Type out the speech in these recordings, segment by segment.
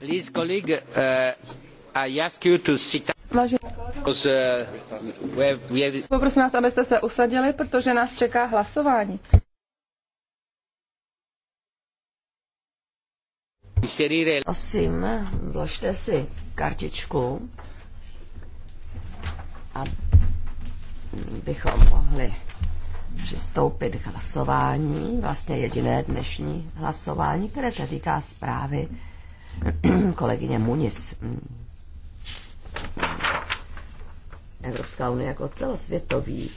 Please, colleague, uh, I ask you uh, poprosím vás, abyste se usadili, protože nás čeká hlasování. Prosím, vložte si kartičku, abychom mohli přistoupit k hlasování, vlastně jediné dnešní hlasování, které se týká zprávy kolegyně Munis. Evropská unie jako celosvětový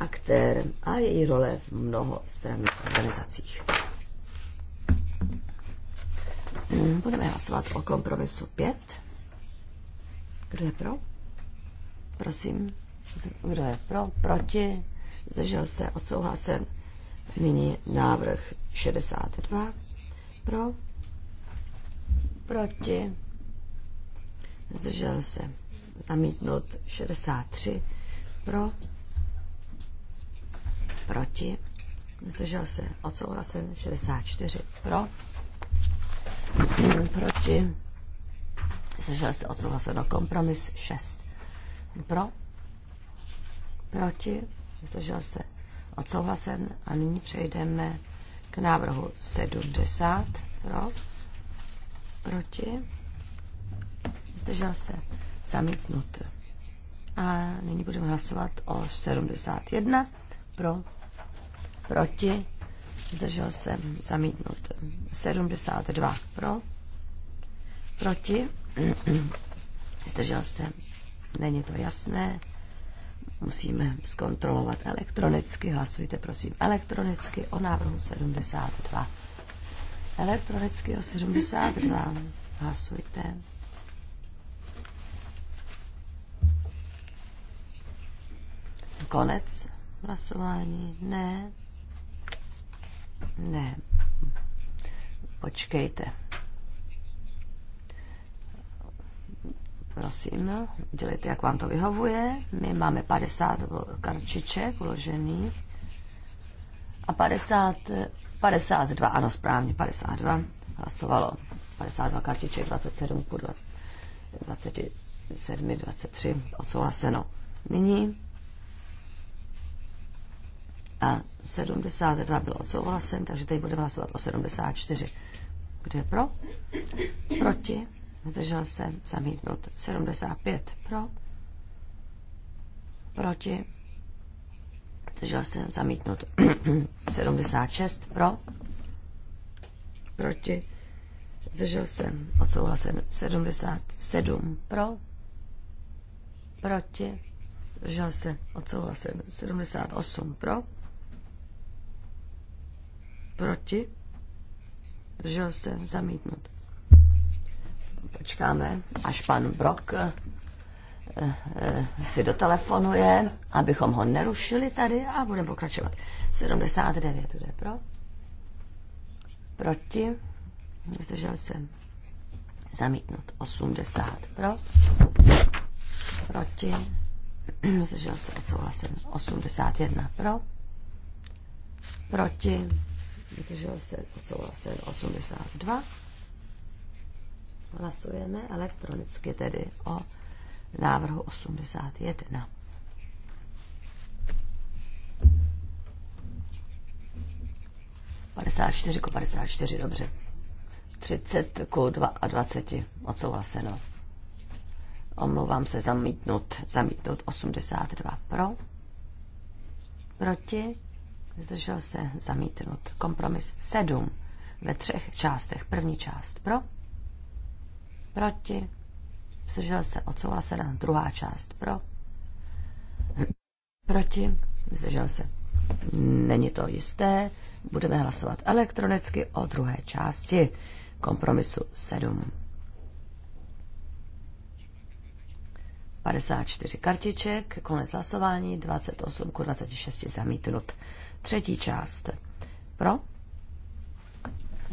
aktér a její role v mnoho stranných organizacích. Mm, budeme hlasovat o kompromisu 5. Kdo je pro? Prosím. Kdo je pro? Proti? Zdržel se? Odsouhlasen? Nyní návrh 62. Pro? proti, zdržel se, zamítnut 63, pro, proti, zdržel se, odsouhlasen 64, pro, proti, zdržel se, na kompromis 6, pro, proti, zdržel se, odsouhlasen a nyní přejdeme k návrhu 70, pro, Proti? Zdržel se. Zamítnut. A nyní budeme hlasovat o 71. Pro? Proti? Zdržel se. Zamítnut. 72. Pro? Proti? Zdržel se. Není to jasné. Musíme zkontrolovat elektronicky. Hlasujte prosím elektronicky o návrhu 72. Elektronicky o 72. Hlasujte. Konec hlasování. Ne. Ne. Počkejte. Prosím, dělejte, jak vám to vyhovuje. My máme 50 karčiček uložených a 50 52, ano správně, 52 hlasovalo. 52 kartiček, 27 ku 27, 23 odsouhlaseno. Nyní a 72 byl odsouhlasen, takže teď budeme hlasovat o 74. Kdo je pro? Proti? Zdržel se zamítnut. 75 pro? Proti? zdržel se zamítnut 76 pro, proti, zdržel se odsouhlasen 77 pro, proti, zdržel se odsouhlasen 78 pro, proti, zdržel se zamítnut. Počkáme, až pan Brok Eh, si dotelefonuje, abychom ho nerušili tady a budeme pokračovat. 79, to je pro? Proti? Zdržel se. Zamítnout. 80 pro. Proti? Zdržel se odsouhlasen. 81 pro. Proti? Zdržel se odsouhlasen. 82. Hlasujeme elektronicky tedy o návrhu 81. Padesát čtyři ku padesát čtyři, dobře. 30 ku 22, odsouhlaseno. Omlouvám se, zamítnut, zamítnut 82 pro, proti, zdržel se, zamítnut. Kompromis 7 ve třech částech. První část pro, proti, zdržel se, odsouhlasena. Druhá část pro, proti, zdržel se. Není to jisté, budeme hlasovat elektronicky o druhé části kompromisu 7. 54 kartiček, konec hlasování, 28 ku 26 zamítnut. Třetí část. Pro?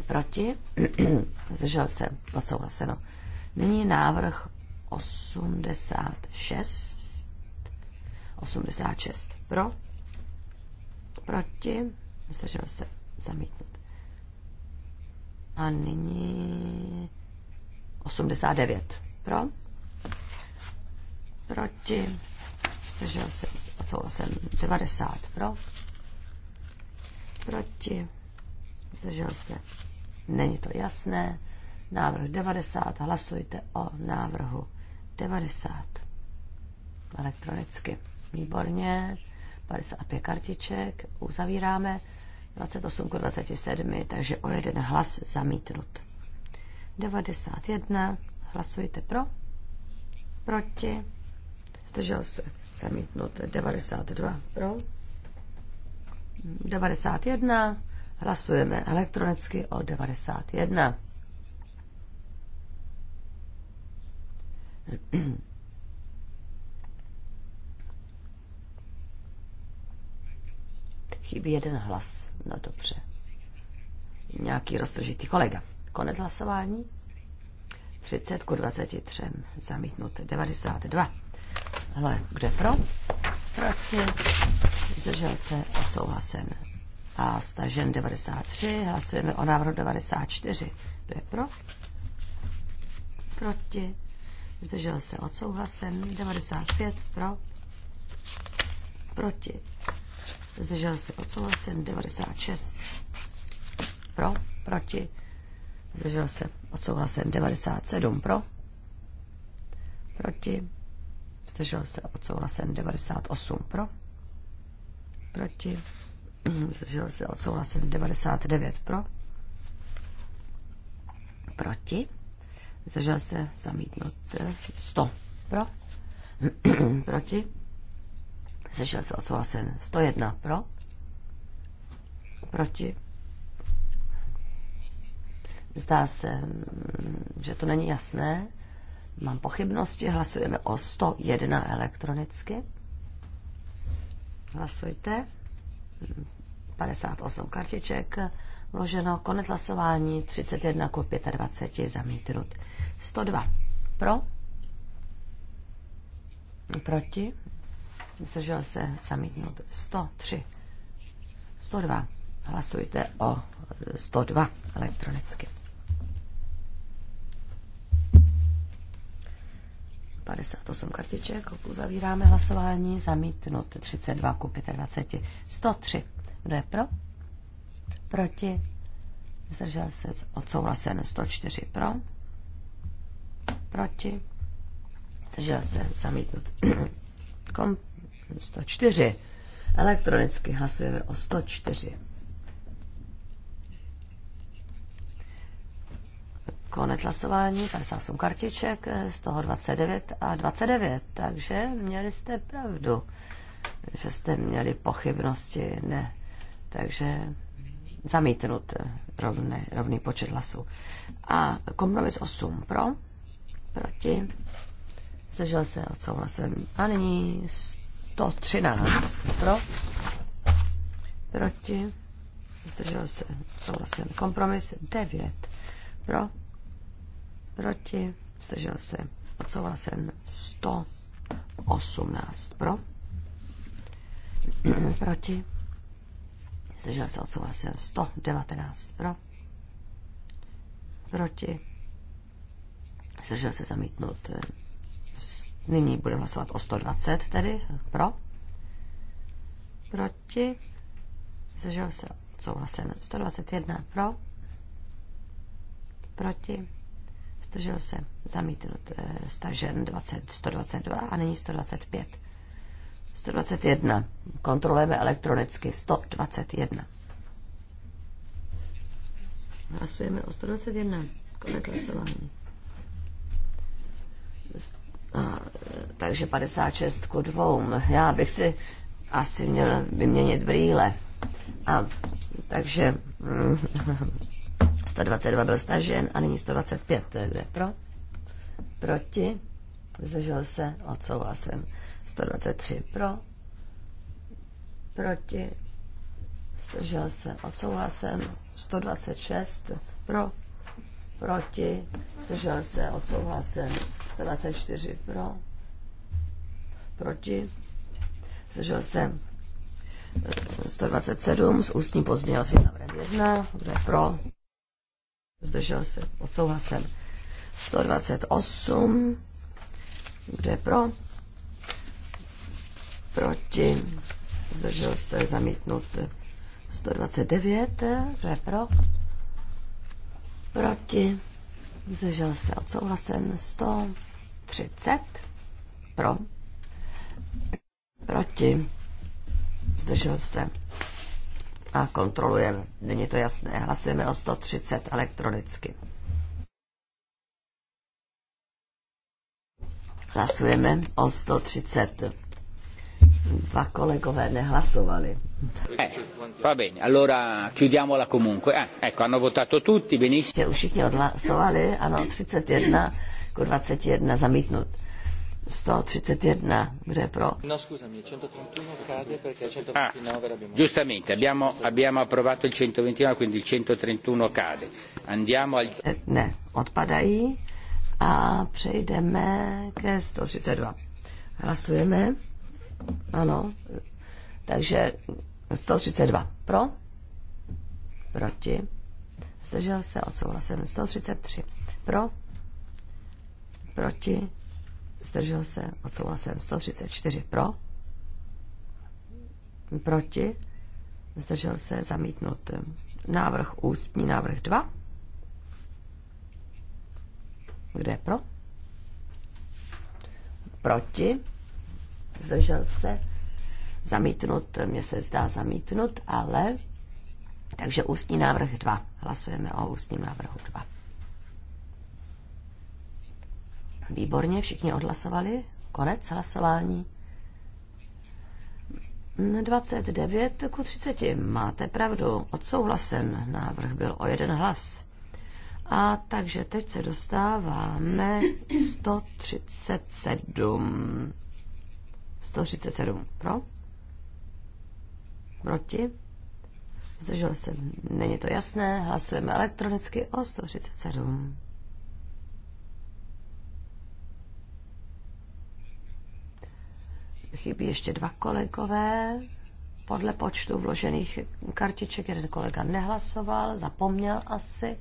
Proti? Zdržel se, odsouhlaseno. Nyní návrh 86. 86 pro, proti, zdržel se zamítnout. A nyní 89 pro, proti, zdržel se, odsouhlasen 90 pro, proti, zdržel se, není to jasné, návrh 90, hlasujte o návrhu 90. Elektronicky. Výborně. 55 kartiček. Uzavíráme. 28 k 27, takže o jeden hlas zamítnut. 91. Hlasujte pro. Proti. Zdržel se. Zamítnut. 92. Pro. 91. Hlasujeme elektronicky o 91. Chybí jeden hlas. No dobře. Nějaký roztržitý kolega. Konec hlasování. 30 ku 23. Zamítnut 92. Ale kde pro? Proti. Zdržel se odsouhlasen. A stažen 93. Hlasujeme o návrhu 94. Kdo je pro? Proti zdržel se odsouhlasen, 95 pro, proti, zdržel se odsouhlasen, 96 pro, proti, zdržel se odsouhlasen, 97 pro, proti, zdržel se odsouhlasen, 98 pro, proti, zdržel se odsouhlasen, 99 pro, proti, zdržel se zamítnut 100 eh, pro, proti, zdržel se odsouhlasen 101 pro, proti. Zdá se, mm, že to není jasné. Mám pochybnosti, hlasujeme o 101 elektronicky. Hlasujte. 58 kartiček, Vloženo konec hlasování 31 ku 25 zamítnut. 102 pro, proti, zdržel se zamítnut. 103, 102. Hlasujte o 102 elektronicky. 58 kartiček, uzavíráme hlasování, zamítnut 32 ku 25, 103. Kdo je pro? proti, zdržel se odsouhlasen 104 pro, proti, zdržel se zamítnut. Kom 104. Elektronicky hlasujeme o 104. Konec hlasování, 58 kartiček, z toho 29 a 29, takže měli jste pravdu, že jste měli pochybnosti, ne. Takže zamítnut rovné, rovný počet hlasů. A kompromis 8 pro, proti, zdržel se odsouhlasem. A nyní 113 pro, proti, zdržel se odsouhlasem. Kompromis 9 pro, proti, zdržel se odsouhlasen 118 pro, proti, zdržel se odsouhlasen 119 pro, proti, zdržel se zamítnut. Nyní budeme hlasovat o 120 tedy pro, proti, zdržel se odsouhlasen 121 pro, proti, zdržel se zamítnut, stažen 20, 122 a nyní 125 121. Kontrolujeme elektronicky. 121. Hlasujeme o 121. Konec hlasování. A, takže 56 ku 2. Já bych si asi měl vyměnit brýle. A, takže 122 mm, byl stažen a nyní 125. Kdo je pro? Proti? Zdržel se odsouhlasem. 123 pro, proti, zdržel se odsouhlasem, 126 pro, proti, zdržel se odsouhlasem, 124 pro, proti, zdržel se 127 s ústním pozměňovacím návrhem 1, kdo je pro, zdržel se odsouhlasem, 128, kdo je pro, proti, zdržel se zamítnut 129, to je pro, proti, zdržel se odsouhlasen 130, pro, proti, zdržel se a kontrolujeme. Není to jasné. Hlasujeme o 130 elektronicky. Hlasujeme o 130 Dva kolegové nehlasovali. Všichni odhlasovali, ano, 31 ku 21 zamítnut. 131, kde je pro? No, scusami, 131 cade perché 129 ah, l'abbiamo... Giustamente, abbiamo, abbiamo approvato il 129, quindi il 131 cade. Andiamo al... Eh, ne, odpadají a přejdeme ke 132. Hlasujeme. Ano. Takže 132 pro, proti, zdržel se, odsouhlasen. 133 pro, proti, zdržel se, odsouhlasen. 134 pro, proti, zdržel se, zamítnut. Návrh ústní, návrh 2. Kde je pro? Proti zdržel se, zamítnut, mně se zdá zamítnut, ale, takže ústní návrh 2, hlasujeme o ústním návrhu 2. Výborně, všichni odhlasovali, konec hlasování. 29 ku 30. Máte pravdu, odsouhlasen. Návrh byl o jeden hlas. A takže teď se dostáváme 137. 137 pro. Proti. Zdržel se. Není to jasné. Hlasujeme elektronicky o 137. Chybí ještě dva kolegové. Podle počtu vložených kartiček jeden kolega nehlasoval, zapomněl asi.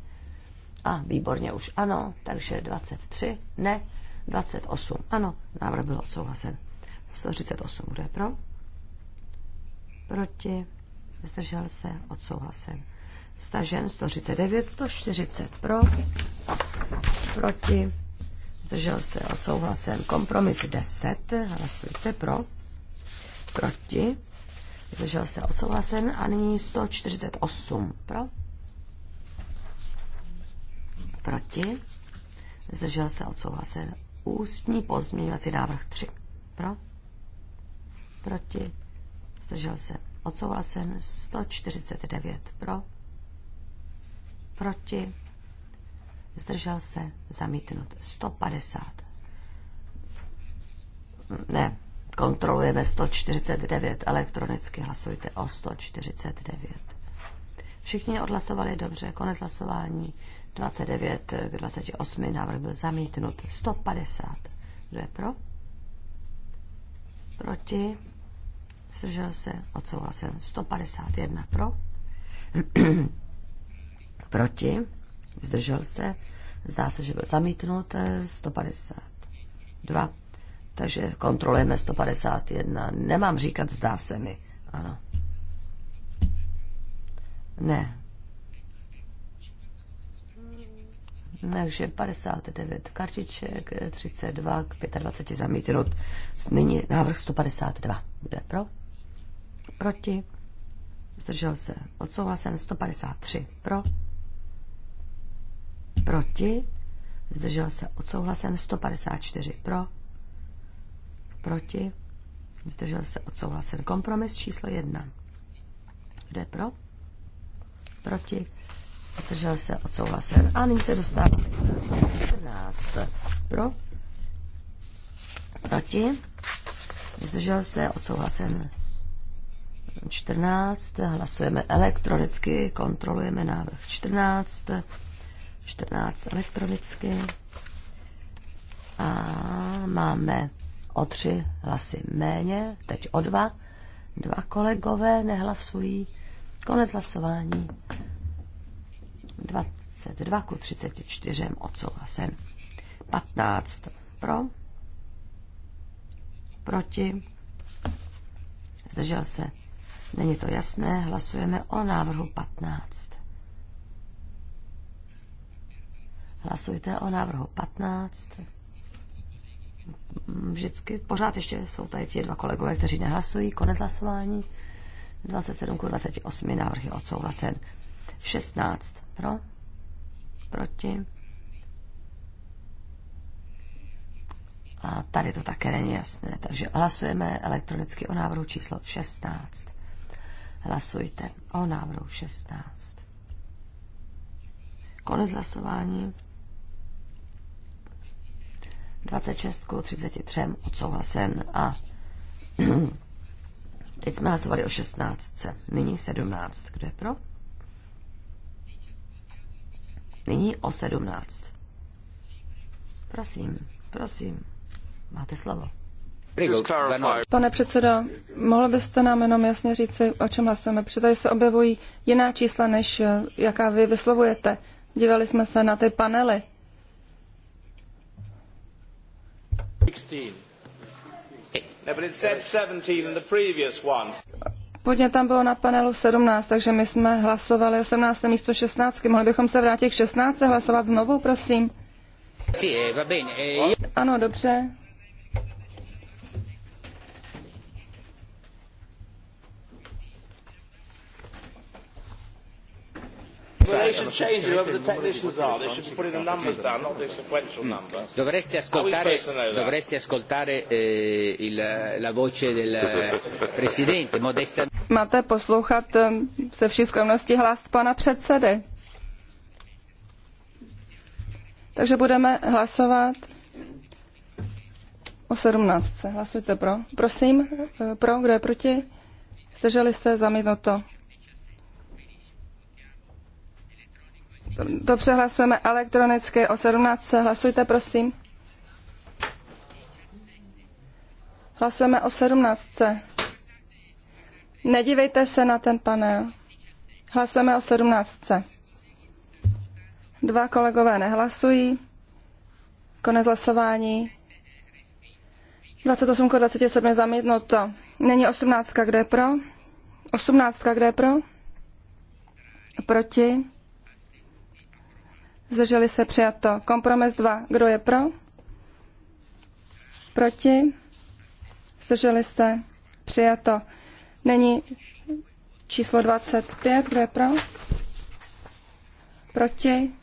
A výborně už ano, takže 23 ne, 28 ano, návrh byl odsouhlasen. 138. Kdo je pro? Proti? Zdržel se? Odsouhlasen. Stažen 139, 140 pro, proti, zdržel se odsouhlasen. Kompromis 10, hlasujte pro, proti, zdržel se odsouhlasen a nyní 148 pro, proti, zdržel se odsouhlasen. Ústní pozměňovací návrh 3 pro, proti, zdržel se odsouhlasen, 149 pro, proti, zdržel se zamítnut, 150. Ne, kontrolujeme 149, elektronicky hlasujte o 149. Všichni odhlasovali dobře, konec hlasování 29 k 28, návrh byl zamítnut, 150. Kdo je pro? Proti? zdržel se, odsouhlasil 151 pro, proti, zdržel se, zdá se, že byl zamítnut, 152. Takže kontrolujeme 151. Nemám říkat, zdá se mi. Ano. Ne, Takže 59 kartiček, 32 k 25 zamítnut. Nyní návrh 152. Bude pro? Proti? Zdržel se. Odsouhlasen 153. Pro? Proti? Zdržel se. Odsouhlasen 154. Pro? Proti? Zdržel se. Odsouhlasen kompromis číslo 1. Kdo pro? Proti? zdržel se, odsouhlasen. A nyní se dostáváme k 14. Pro, proti, zdržel se, odsouhlasen. 14, hlasujeme elektronicky, kontrolujeme návrh 14, 14 elektronicky a máme o tři hlasy méně, teď o dva, dva kolegové nehlasují, konec hlasování. 22 ku 34 odsouhlasen. 15 pro, proti, zdržel se. Není to jasné, hlasujeme o návrhu 15. Hlasujte o návrhu 15. Vždycky, pořád ještě jsou tady ti dva kolegové, kteří nehlasují. Konec hlasování. 27 ku 28 návrh je odsouhlasen. 16 pro, proti. A tady to také není jasné, takže hlasujeme elektronicky o návrhu číslo 16. Hlasujte o návrhu 16. Konec hlasování. 26 k 33 odsouhlasen a teď jsme hlasovali o 16. Nyní 17. Kdo je pro? Nyní o 17. Prosím, prosím, máte slovo. Pane předsedo, mohl byste nám jenom jasně říct, o čem hlasujeme? Protože tady se objevují jiná čísla, než eh, jaká vy vyslovujete. Dívali jsme se na ty panely. Podně tam bylo na panelu 17, takže my jsme hlasovali 18 místo 16. Mohli bychom se vrátit k 16 hlasovat znovu, prosím? Eh, eh, ano, dobře. Dovresti ascoltare, dovresti ascoltare eh, il, la voce del eh, presidente, modesta. Máte poslouchat eh, se vší skromností hlas pana předsedy. Takže budeme hlasovat o 17. Hlasujte pro. Prosím, eh, pro, kdo je proti? Zdrželi se, zamítnuto. Dobře, hlasujeme elektronicky o 17. Hlasujte, prosím. Hlasujeme o 17. Nedívejte se na ten panel. Hlasujeme o 17. Dva kolegové nehlasují. Konec hlasování. 28 k 27 zamítnuto. Není 18, kde je pro? 18, kde je pro? Proti? Zdrželi se přijato. Kompromis 2. Kdo je pro? Proti? Zdrželi se přijato. Není číslo 25. Kdo je pro? Proti?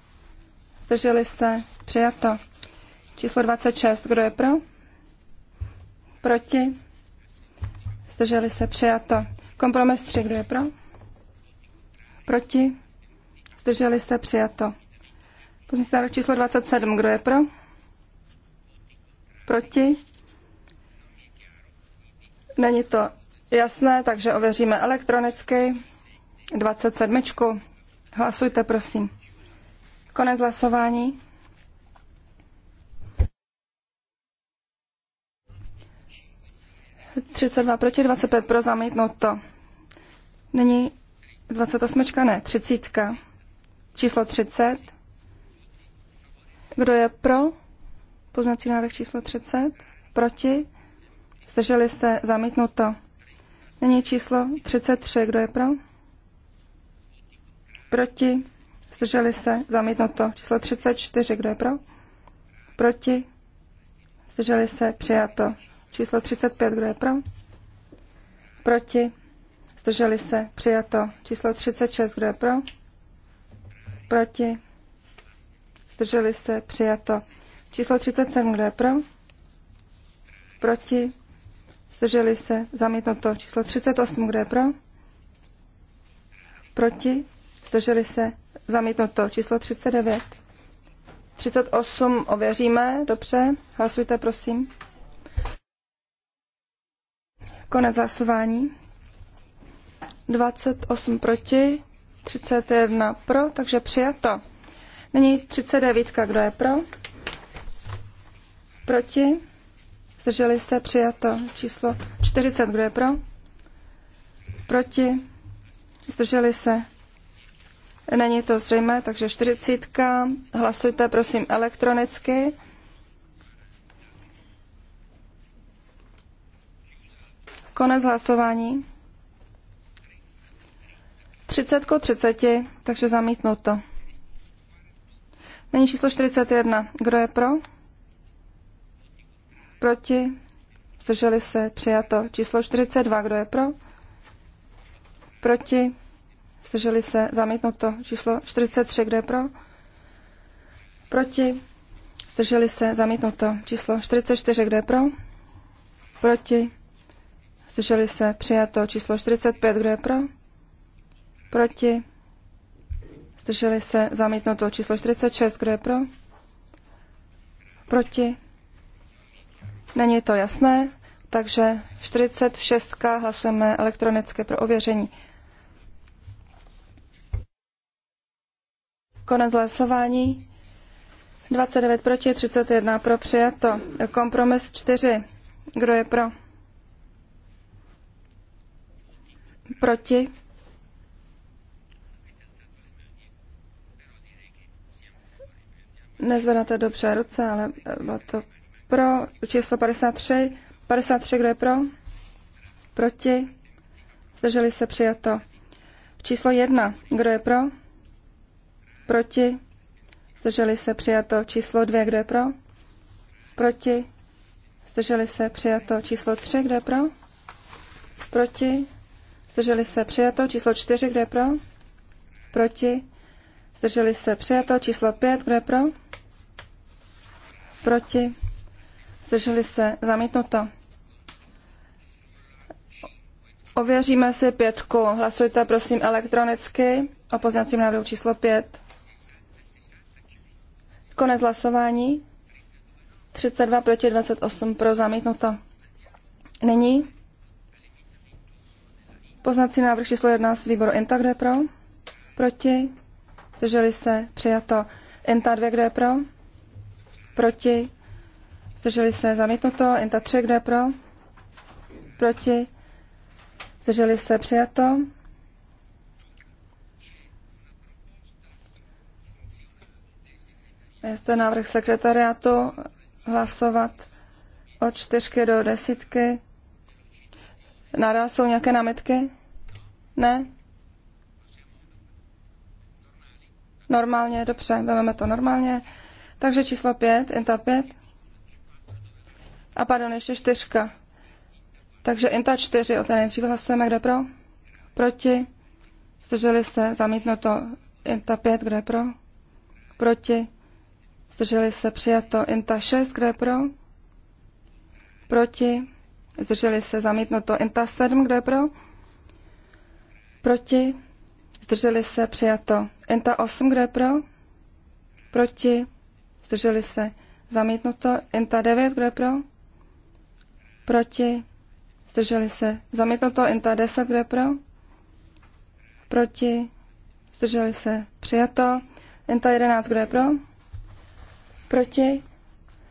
Zdrželi se přijato. Číslo 26. Kdo je pro? Proti? Zdrželi se přijato. Kompromis 3. Kdo je pro? Proti? Zdrželi se přijato. Pozměňovací návrh číslo 27. Kdo je pro? Proti? Není to jasné, takže ověříme elektronicky. 27. Hlasujte, prosím. Konec hlasování. Třicet dva proti, dvacet pět pro, to. Není 28. ne, třicítka. Číslo třicet. Kdo je pro? Poznací návrh číslo 30. Proti? Zdrželi se? Zamítnuto. Nyní číslo 33. Kdo je pro? Proti? Zdrželi se? Zamítnuto. Číslo 34. Kdo je pro? Proti? Zdrželi se? Přijato. Číslo 35. Kdo je pro? Proti? Zdrželi se? Přijato. Číslo 36. Kdo je pro? Proti? zdrželi se, přijato. Číslo 37, kdo je pro? Proti, zdrželi se, zamítnuto. Číslo 38, kdo je pro? Proti, zdrželi se, zamítnuto. Číslo 39. 38 ověříme, dobře, hlasujte prosím. Konec hlasování. 28 proti, 31 pro, takže přijato. Nyní 39. Kdo je pro? Proti? Zdrželi se přijato číslo 40. Kdo je pro? Proti? Zdrželi se? Není to zřejmé, takže 40. Hlasujte prosím elektronicky. Konec hlasování. 30 30, takže zamítnuto. Není číslo 41. Kdo je pro? Proti? Zdrželi se? Přijato. Číslo 42. Kdo je pro? Proti? Zdrželi se? Zamítnuto. Číslo 43. Kdo je pro? Proti? Zdrželi se? Zamítnuto. Číslo 44. Kdo je pro? Proti? Zdrželi se? Přijato. Číslo 45. Kdo je pro? Proti? Zdrželi se zamítnuto číslo 46. Kdo je pro? Proti? Není to jasné, takže 46. hlasujeme elektronicky pro ověření. Konec hlasování. 29 proti, 31 pro přijato. Kompromis 4. Kdo je pro? Proti? Nezvedáte dobře ruce, ale bylo to pro číslo 53. 53, kdo je pro? Proti? Zdrželi se přijato. Číslo 1, kdo je pro? Proti? Zdrželi se přijato. Číslo 2, kdo je pro? Proti? Zdrželi se přijato. Číslo 3, kdo je pro? Proti? Zdrželi se přijato. Číslo 4, kdo je pro? Proti? Zdrželi se přijato. Číslo 5. Kdo je pro? Proti? Zdrželi se zamítnuto. Ověříme si pětku. Hlasujte prosím elektronicky o pozněcím návrhu číslo 5. Konec hlasování. 32 proti 28 pro zamítnuto. Není. Poznací návrh číslo 1 z výboru INTA, pro? Proti zdrželi se, přijato. Enta 2, kdo je pro? Proti, zdrželi se, zamítnuto. Enta 3, kdo je pro? Proti, zdrželi se, přijato. Je zde návrh sekretariátu hlasovat od čtyřky do desítky. Naraz jsou nějaké námitky? Ne? normálně, dobře, vezmeme to normálně. Takže číslo 5, INTA 5. A pardon, ještě čtyřka. Takže INTA 4, o té nejdřív hlasujeme, kde pro? Proti. Zdrželi se, zamítnuto. INTA 5, je pro? Proti. Zdrželi se, přijato. INTA 6, je pro? Proti. Zdrželi se, zamítnuto. INTA 7, je pro? Proti. Zdrželi se, přijato. Inta 8, kdo je pro? Proti? Zdrželi se. Zamítnuto. Inta 9, kdo je pro? Proti? Zdrželi se. Zamítnuto. Inta 10, kdo je pro? Proti? Zdrželi se. Přijato. Inta 11, kdo je pro? Proti?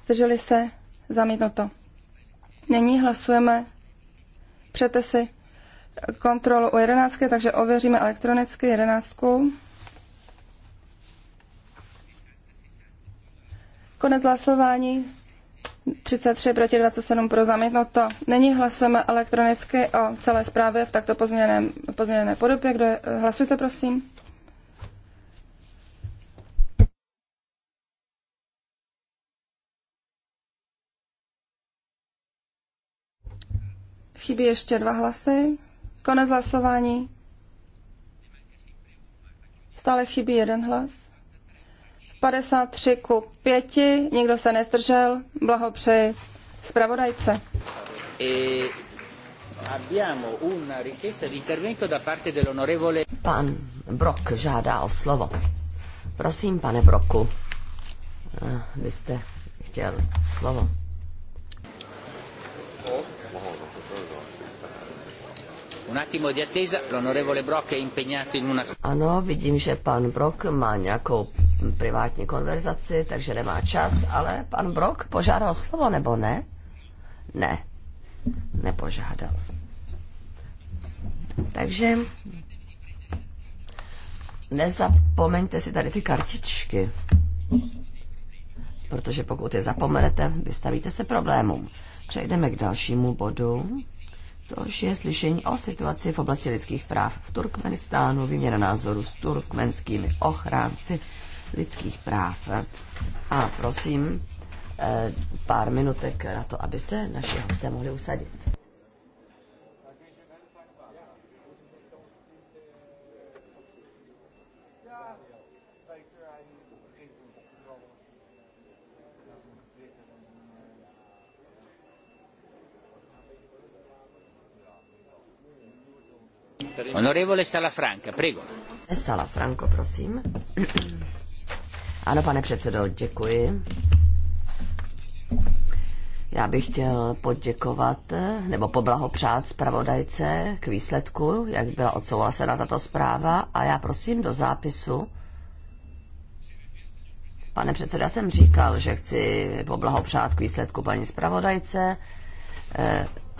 Zdrželi se. Zamítnuto. Nyní hlasujeme. Přete si kontrolu u jedenáctky, takže ověříme elektronicky jedenáctku. Konec hlasování. 33 proti 27 pro zamítnuto. není hlasujeme elektronicky o celé zprávě v takto pozměněném, pozměněné podobě. Kdo je, hlasujte, prosím. Chybí ještě dva hlasy. Konec hlasování. Stále chybí jeden hlas. 53 ku 5, nikdo se nezdržel, blahopřeji zpravodajce. E Pan Brok žádá o slovo. Prosím, pane Broku, eh, vy jste chtěl slovo. Ano, vidím, že pan Brock má nějakou privátní konverzaci, takže nemá čas, ale pan Brock požádal slovo, nebo ne? Ne, nepožádal. Takže nezapomeňte si tady ty kartičky, protože pokud je zapomenete, vystavíte se problémům. Přejdeme k dalšímu bodu což je slyšení o situaci v oblasti lidských práv v Turkmenistánu, výměna názoru s turkmenskými ochránci lidských práv. A prosím, eh, pár minutek na to, aby se naši hosté mohli usadit. Honorevole Salafranca, prego. Salafranco, prosím. Ano, pane předsedo, děkuji. Já bych chtěl poděkovat nebo poblahopřát zpravodajce k výsledku, jak byla odsouhlasena tato zpráva. A já prosím do zápisu. Pane předsedo, já jsem říkal, že chci poblahopřát k výsledku paní zpravodajce.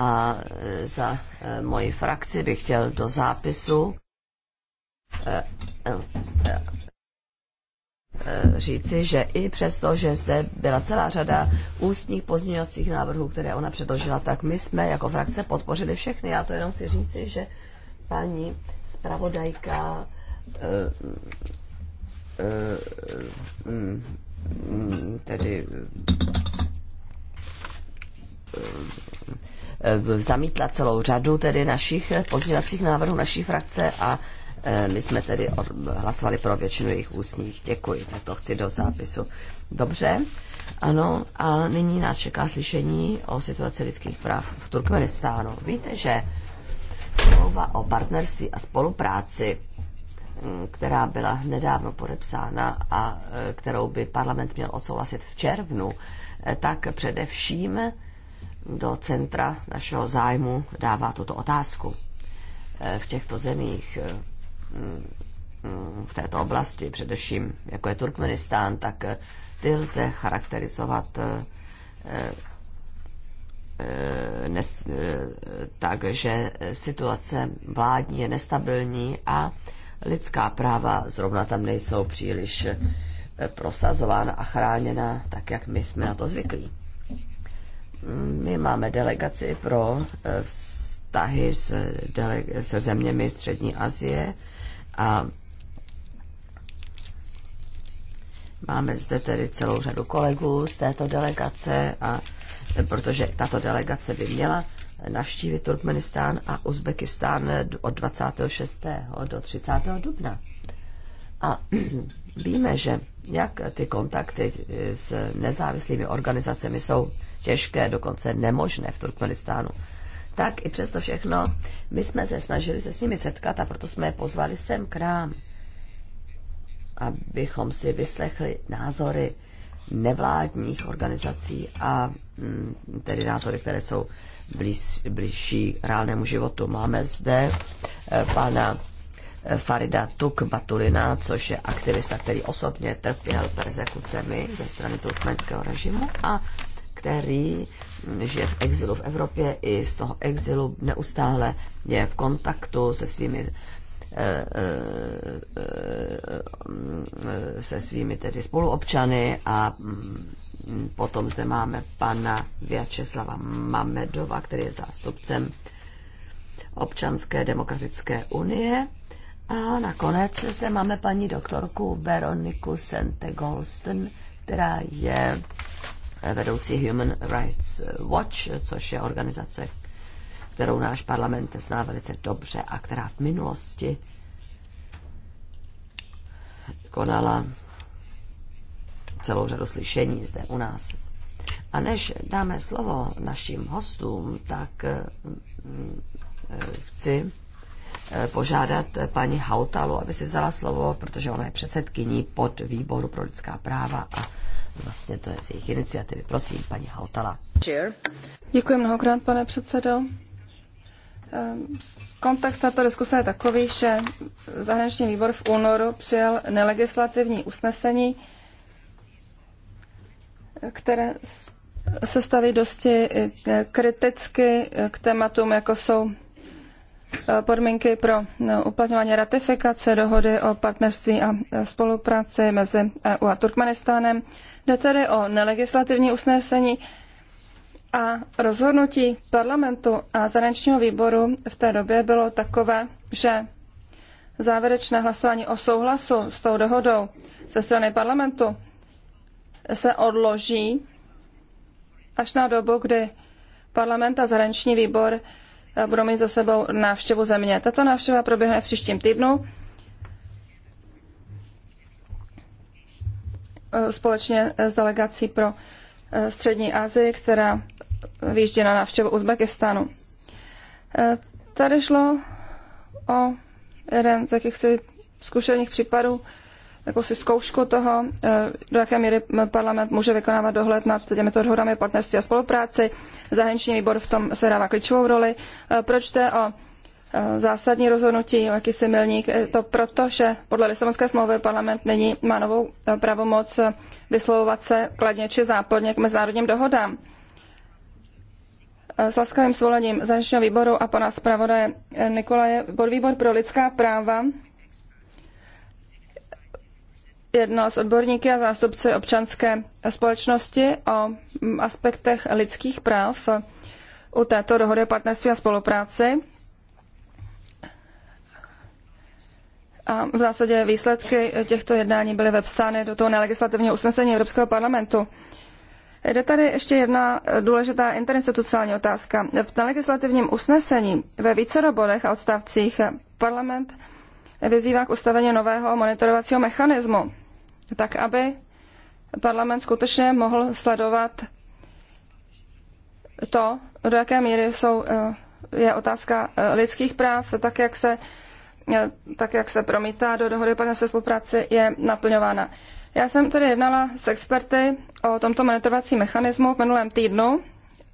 A e, za e, moji frakci bych chtěl do zápisu e, říci, že i přesto, že zde byla celá řada ústních pozměňovacích návrhů, které ona předložila, tak my jsme jako frakce podpořili všechny. Já to jenom chci říci, že paní zpravodajka tedy Eh, zamítla celou řadu tedy našich eh, pozměňovacích návrhů naší frakce a eh, my jsme tedy hlasovali pro většinu jejich ústních. Děkuji, tak to chci do zápisu. Dobře, ano, a nyní nás čeká slyšení o situaci lidských práv v Turkmenistánu. Víte, že smlouva o partnerství a spolupráci, hm, která byla nedávno podepsána a kterou by parlament měl odsouhlasit v červnu, tak především do centra našeho zájmu dává tuto otázku. E, v těchto zemích, e, mm, v této oblasti, především jako je Turkmenistán, tak e, ty lze charakterizovat tak, že situace vládní je nestabilní a lidská práva zrovna tam nejsou příliš prosazována a chráněna tak, jak my jsme na to zvyklí my máme delegaci pro eh, vztahy s, se zeměmi Střední Asie a máme zde tedy celou řadu kolegů z této delegace a eh, protože tato delegace by měla navštívit Turkmenistán a Uzbekistán od 26. do 30. dubna. A Víme, že jak ty kontakty s nezávislými organizacemi jsou těžké, dokonce nemožné v Turkmenistánu. Tak i přesto všechno, my jsme se snažili se s nimi setkat a proto jsme je pozvali sem k nám, abychom si vyslechli názory nevládních organizací a mm, tedy názory, které jsou blíž, blížší reálnému životu. Máme zde eh, pana Farida Tukbatulina, což je aktivista, který osobně trpěl persekucemi ze strany turkmenského režimu a který žije v exilu v Evropě i z toho exilu neustále je v kontaktu se svými eh, eh, eh, se svými tedy spoluobčany a mm, potom zde máme pana Vyacheslava Mamedova, který je zástupcem občanské demokratické unie a nakonec zde máme paní doktorku Veroniku Sente-Golsten, která je vedoucí Human Rights Watch, což je organizace, kterou náš parlament zná velice dobře a která v minulosti konala celou řadu slyšení zde u nás. A než dáme slovo našim hostům, tak mm, mm, chci Eh, požádat paní Hautalu, aby si vzala slovo, protože ona je předsedkyní pod výboru pro lidská práva a vlastně to je z jejich iniciativy. Prosím, paní Hautala. Děkuji mnohokrát, pane předsedo. Ehm, kontext této diskuse je takový, že zahraniční výbor v únoru přijal nelegislativní usnesení, které se staví dosti eh, kriticky k tématům, jako jsou Eh, podmínky pro eh, uplatňování ratifikace dohody o partnerství a eh, spolupráci mezi EU a Turkmenistánem. Jde tedy o nelegislativní usnesení a rozhodnutí parlamentu a zahraničního výboru v té době bylo takové, že závěrečné hlasování o souhlasu s tou dohodou ze strany parlamentu se odloží až na dobu, kdy parlament a zahraniční výbor budou mít za sebou návštěvu země. Tato návštěva proběhne v příštím týdnu. E, společně s delegací pro e, Střední Asii, která vyjíždí na návštěvu Uzbekistánu. E, tady šlo o jeden z jakýchsi zkušených případů jakousi zkoušku toho, eh, do jaké míry parlament může vykonávat dohled nad těmito dohodami partnerství a spolupráci. Zahraniční výbor v tom se dává klíčovou roli. Eh, proč jde o eh, zásadní rozhodnutí, o jakýsi milník? To proto, že podle Lisabonské smlouvy parlament není má novou pravomoc vyslovovat se kladně či záporně k mezinárodním dohodám. S laskavým svolením zahraničního výboru a pana zpravodaje Nikolaje podvýbor pro lidská práva jednal s odborníky a zástupci občanské společnosti o aspektech lidských práv u této dohody o partnerství a spolupráci. A v zásadě výsledky těchto jednání byly vepsány do toho nelegislativního usnesení Evropského parlamentu. Jde tady ještě jedna důležitá interinstitucionální otázka. V nelegislativním usnesení ve více bodech a odstavcích parlament vyzývá k ustavení nového monitorovacího mechanismu tak aby parlament skutečně mohl sledovat to, do jaké míry jsou, eh, je otázka eh, lidských práv, tak jak se, eh, tak jak se promítá do dohody partnerské spolupráci, je naplňována. Já jsem tedy jednala s experty o tomto monitorovacím mechanismu v minulém týdnu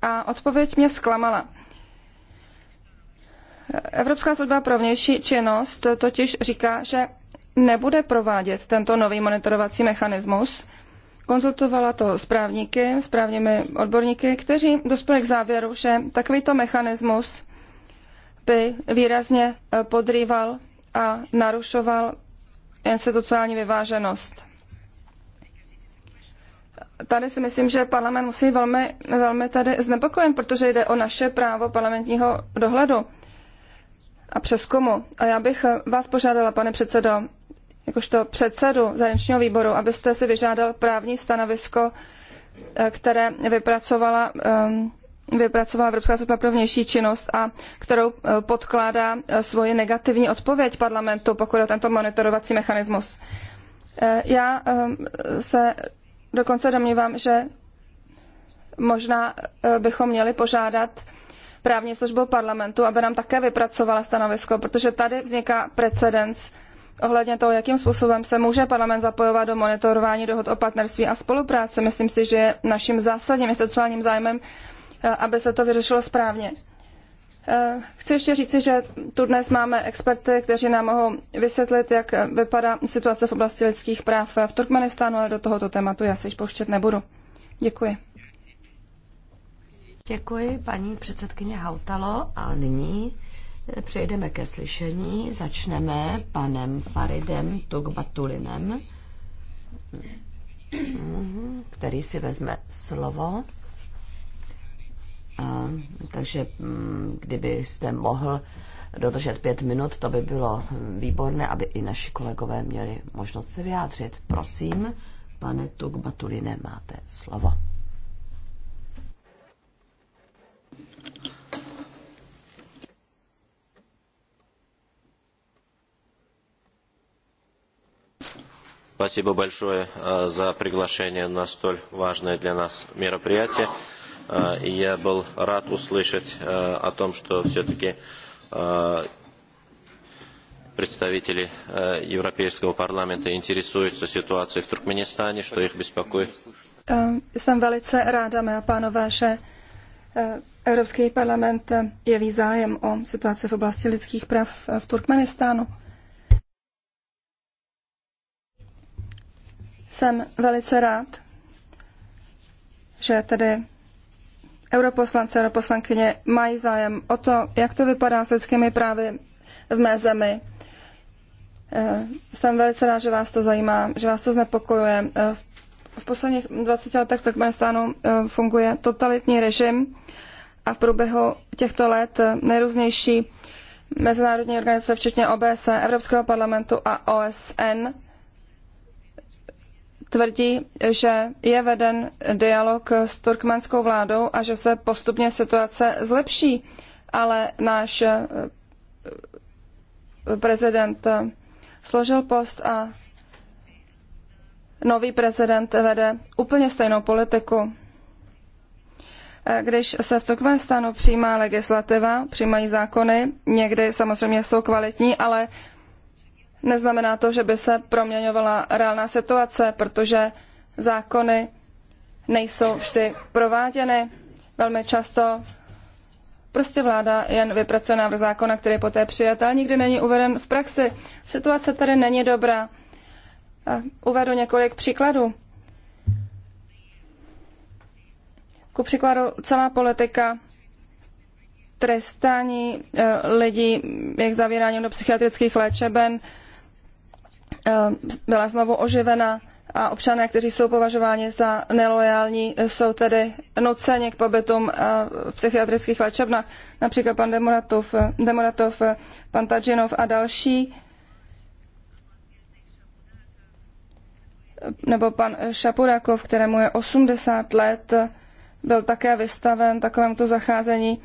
a odpověď mě zklamala. Evropská služba pro vnější činnost totiž říká, že nebude provádět tento nový monitorovací mechanismus. Konzultovala to s právníky, s právními odborníky, kteří dospěli k závěru, že takovýto mechanismus by výrazně e, podrýval a narušoval institucionální vyváženost. Tady si myslím, že parlament musí velmi, velmi tady znepokojen, protože jde o naše právo parlamentního dohledu a přeskumu. A já bych e, vás požádala, pane předsedo, jakožto předsedu zahraničního výboru, abyste si vyžádal právní stanovisko, eh, které vypracovala, ehm, vypracovala Evropská služba pro vnější činnost a kterou eh, podkládá eh, svoji negativní odpověď parlamentu, pokud je tento monitorovací mechanismus. Já ehm, se dokonce domnívám, že možná bychom měli požádat právní službu parlamentu, aby nám také vypracovala stanovisko, protože tady vzniká precedens ohledně toho, jakým způsobem se může parlament zapojovat do monitorování dohod o partnerství a spolupráci. Myslím si, že je naším zásadním institucionálním zájmem, eh, aby se to vyřešilo správně. Eh, chci ještě říci, že tu dnes máme experty, kteří nám mohou vysvětlit, jak eh, vypadá situace v oblasti lidských práv v Turkmenistánu, ale do tohoto tématu já se již pouštět nebudu. Děkuji. Děkuji paní předsedkyně Hautalo a nyní Přejdeme ke slyšení. Začneme panem Faridem Tugbatulinem, který si vezme slovo. A, takže mm, kdybyste mohl dodržet pět minut, to by bylo výborné, aby i naši kolegové měli možnost se vyjádřit. Prosím, pane Tugbatuline, máte slovo. Спасибо большое за приглашение на столь важное для нас мероприятие. И я был рад услышать о том, что все-таки представители Европейского парламента интересуются ситуацией в Туркменистане, что их беспокоит. Jsem velice ráda, dámy a pánové, že Evropský parlament jeví zájem o situaci v oblasti lidských práv v Turkmenistánu. Jsem velice rád, že tedy europoslanci a europoslankyně mají zájem o to, jak to vypadá s lidskými právy v mé zemi. Eh, jsem velice rád, že vás to zajímá, že vás to znepokojuje. Eh, v posledních 20 letech v Turkmenistánu eh, funguje totalitní režim a v průběhu těchto let nejrůznější mezinárodní organizace, včetně OBS, e, Evropského parlamentu a OSN, tvrdí, že je veden dialog s turkmenskou vládou a že se postupně situace zlepší. Ale náš eh, prezident složil post a nový prezident vede úplně stejnou politiku. Eh, když se v Turkmenistánu přijímá legislativa, přijímají zákony, někdy samozřejmě jsou kvalitní, ale neznamená to, že by se proměňovala reálná situace, protože zákony nejsou vždy prováděny. Velmi často prostě vláda jen vypracuje návrh zákona, který je poté přijat, ale nikdy není uveden v praxi. Situace tady není dobrá. Uvedu několik příkladů. Ku příkladu celá politika trestání eh, lidí, jejich zavírání do psychiatrických léčeben, Eh, byla znovu oživena a občané, kteří jsou považováni za nelojální, eh, jsou tedy nuceni k pobytům eh, v psychiatrických léčebnách, například pan Demuratov, Demuratov pan Tadžinov a další, nebo pan Šapurakov, kterému je 80 let, byl také vystaven takovémuto zacházení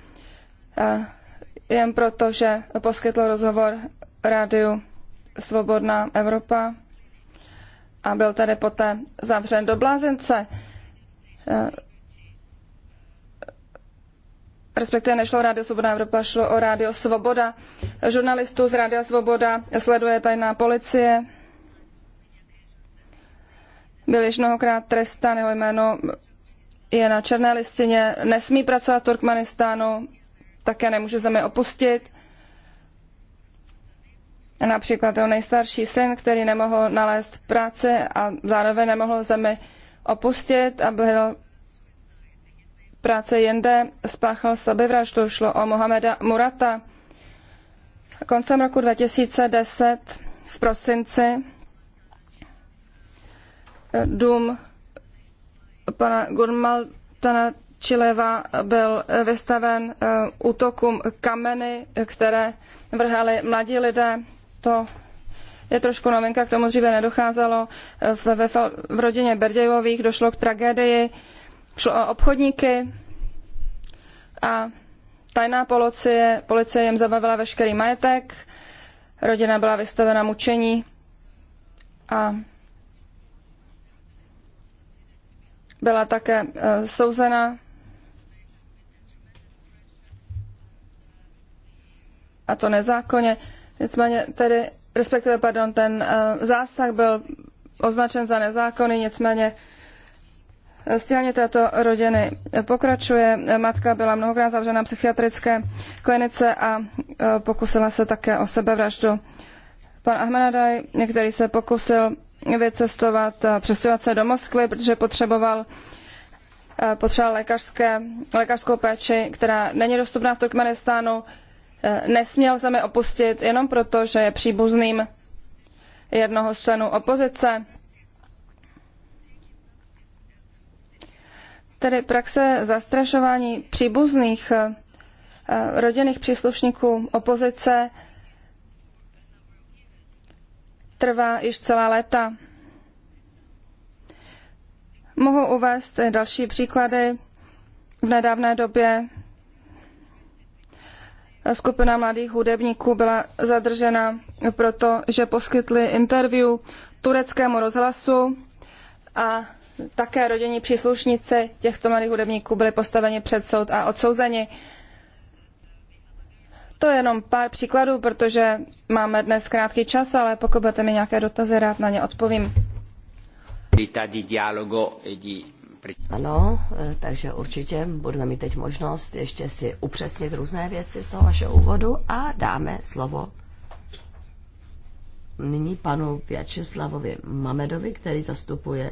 jen proto, že poskytl rozhovor rádiu svobodná Evropa a byl tedy poté zavřen do blázince. Eh, respektive nešlo Rádio Svoboda Evropa, šlo o Rádio Svoboda. Žurnalistů z Rádia Svoboda sleduje tajná policie. Byl již mnohokrát trestán, jeho jméno je na černé listině, nesmí pracovat v Turkmenistánu, také nemůže zemi opustit například jeho nejstarší syn, který nemohl nalézt práci a zároveň nemohl zemi opustit a byl práce jinde, spáchal sebevraždu, šlo o Mohameda Murata. Koncem roku 2010 v prosinci dům pana Gurmaltana Čileva byl vystaven eh, útokům kameny, které vrhali mladí lidé to je trošku novinka, k tomu dříve nedocházelo. V, v, v rodině Berdějových došlo k tragédii, šlo o obchodníky a tajná policie, policie jim zabavila veškerý majetek, rodina byla vystavena mučení a byla také uh, souzena a to nezákonně. Nicméně tedy, respektive, pardon, ten eh, zásah byl označen za nezákonný, nicméně eh, Stíhání této rodiny pokračuje. Matka byla mnohokrát zavřena v psychiatrické klinice a eh, pokusila se také o sebevraždu. Pan Ahmedaj, který se pokusil vycestovat, přestěhovat se do Moskvy, protože potřeboval potřeboval lékařské, lékařskou péči, která není dostupná v Turkmenistánu, Eh, nesměl zemi opustit jenom proto, že je příbuzným jednoho z členů opozice. Tedy praxe zastrašování příbuzných eh, rodinných příslušníků opozice trvá již celá léta. Mohu uvést další příklady. V nedávné době skupina mladých hudebníků byla zadržena proto, že poskytli interview tureckému rozhlasu a také rodinní příslušníci těchto mladých hudebníků byli postaveni před soud a odsouzeni. To je jenom pár příkladů, protože máme dnes krátký čas, ale pokud budete mi nějaké dotazy, rád na ně odpovím. Ano, e, takže určitě budeme mít teď možnost ještě si upřesnit různé věci z toho vašeho úvodu a dáme slovo nyní panu Vyacheslavovi Mamedovi, který zastupuje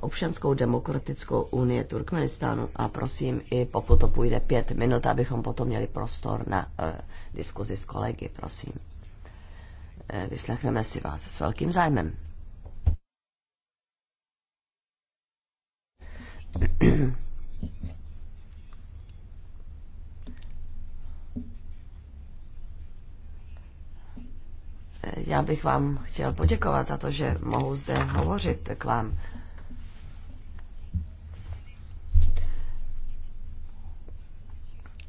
Občanskou demokratickou unii Turkmenistánu. A prosím, i pokud to půjde pět minut, abychom potom měli prostor na uh, diskuzi s kolegy, prosím. E, vyslechneme si vás s velkým zájmem. Já bych vám chtěl poděkovat za to, že mohu zde hovořit k vám.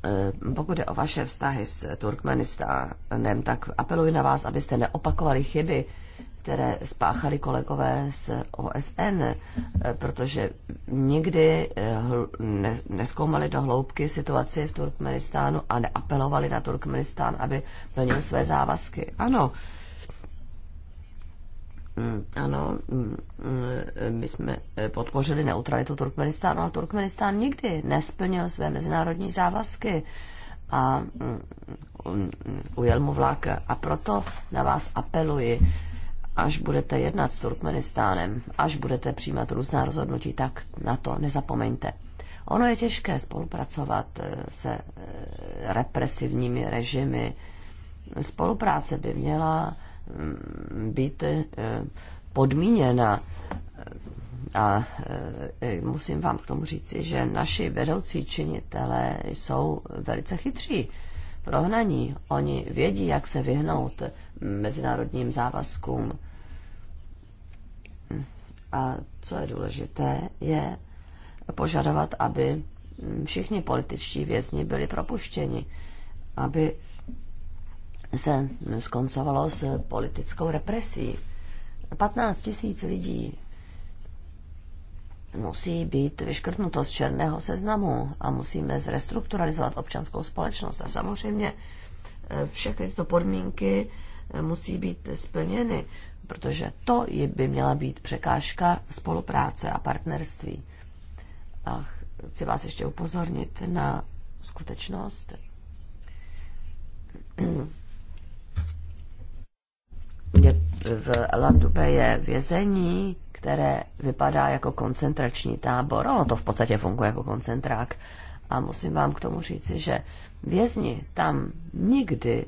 Eh, pokud jde o vaše vztahy s Turkmenistánem, tak apeluji na vás, abyste neopakovali chyby, které spáchali kolegové z OSN, eh, protože nikdy eh, neskoumali do hloubky situaci v Turkmenistánu a neapelovali na Turkmenistán, aby plnil své závazky. Ano, mm, ano, mm, my jsme eh, podpořili neutralitu Turkmenistánu, ale Turkmenistán nikdy nesplnil své mezinárodní závazky a mm, ujel mu vlak. A proto na vás apeluji, až budete jednat s Turkmenistánem, až budete přijímat různá rozhodnutí, tak na to nezapomeňte. Ono je těžké spolupracovat eh, se eh, represivními režimy. Spolupráce by měla mm, být eh, podmíněna. A musím vám k tomu říci, že naši vedoucí činitelé jsou velice chytří, prohnaní. Oni vědí, jak se vyhnout mezinárodním závazkům a co je důležité, je požadovat, aby všichni političtí vězni byli propuštěni, aby se skoncovalo s politickou represí. 15 tisíc lidí musí být vyškrtnuto z černého seznamu a musíme zrestrukturalizovat občanskou společnost. A samozřejmě eh, všechny tyto podmínky eh, musí být splněny protože to by měla být překážka spolupráce a partnerství. A chci vás ještě upozornit na skutečnost, je, v Landube je vězení, které vypadá jako koncentrační tábor. Ono to v podstatě funguje jako koncentrák. A musím vám k tomu říci, že vězni tam nikdy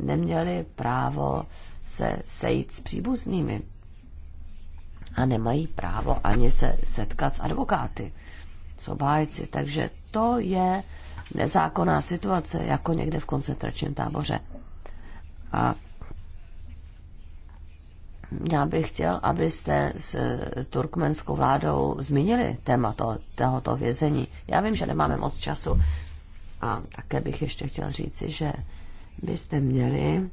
neměli právo se sejít s příbuznými a nemají právo ani se setkat s advokáty, s obhájci. Takže to je nezákonná situace, jako někde v koncentračním táboře. A já bych chtěl, abyste s turkmenskou vládou zmínili téma to, tohoto vězení. Já vím, že nemáme moc času a také bych ještě chtěl říci, že byste měli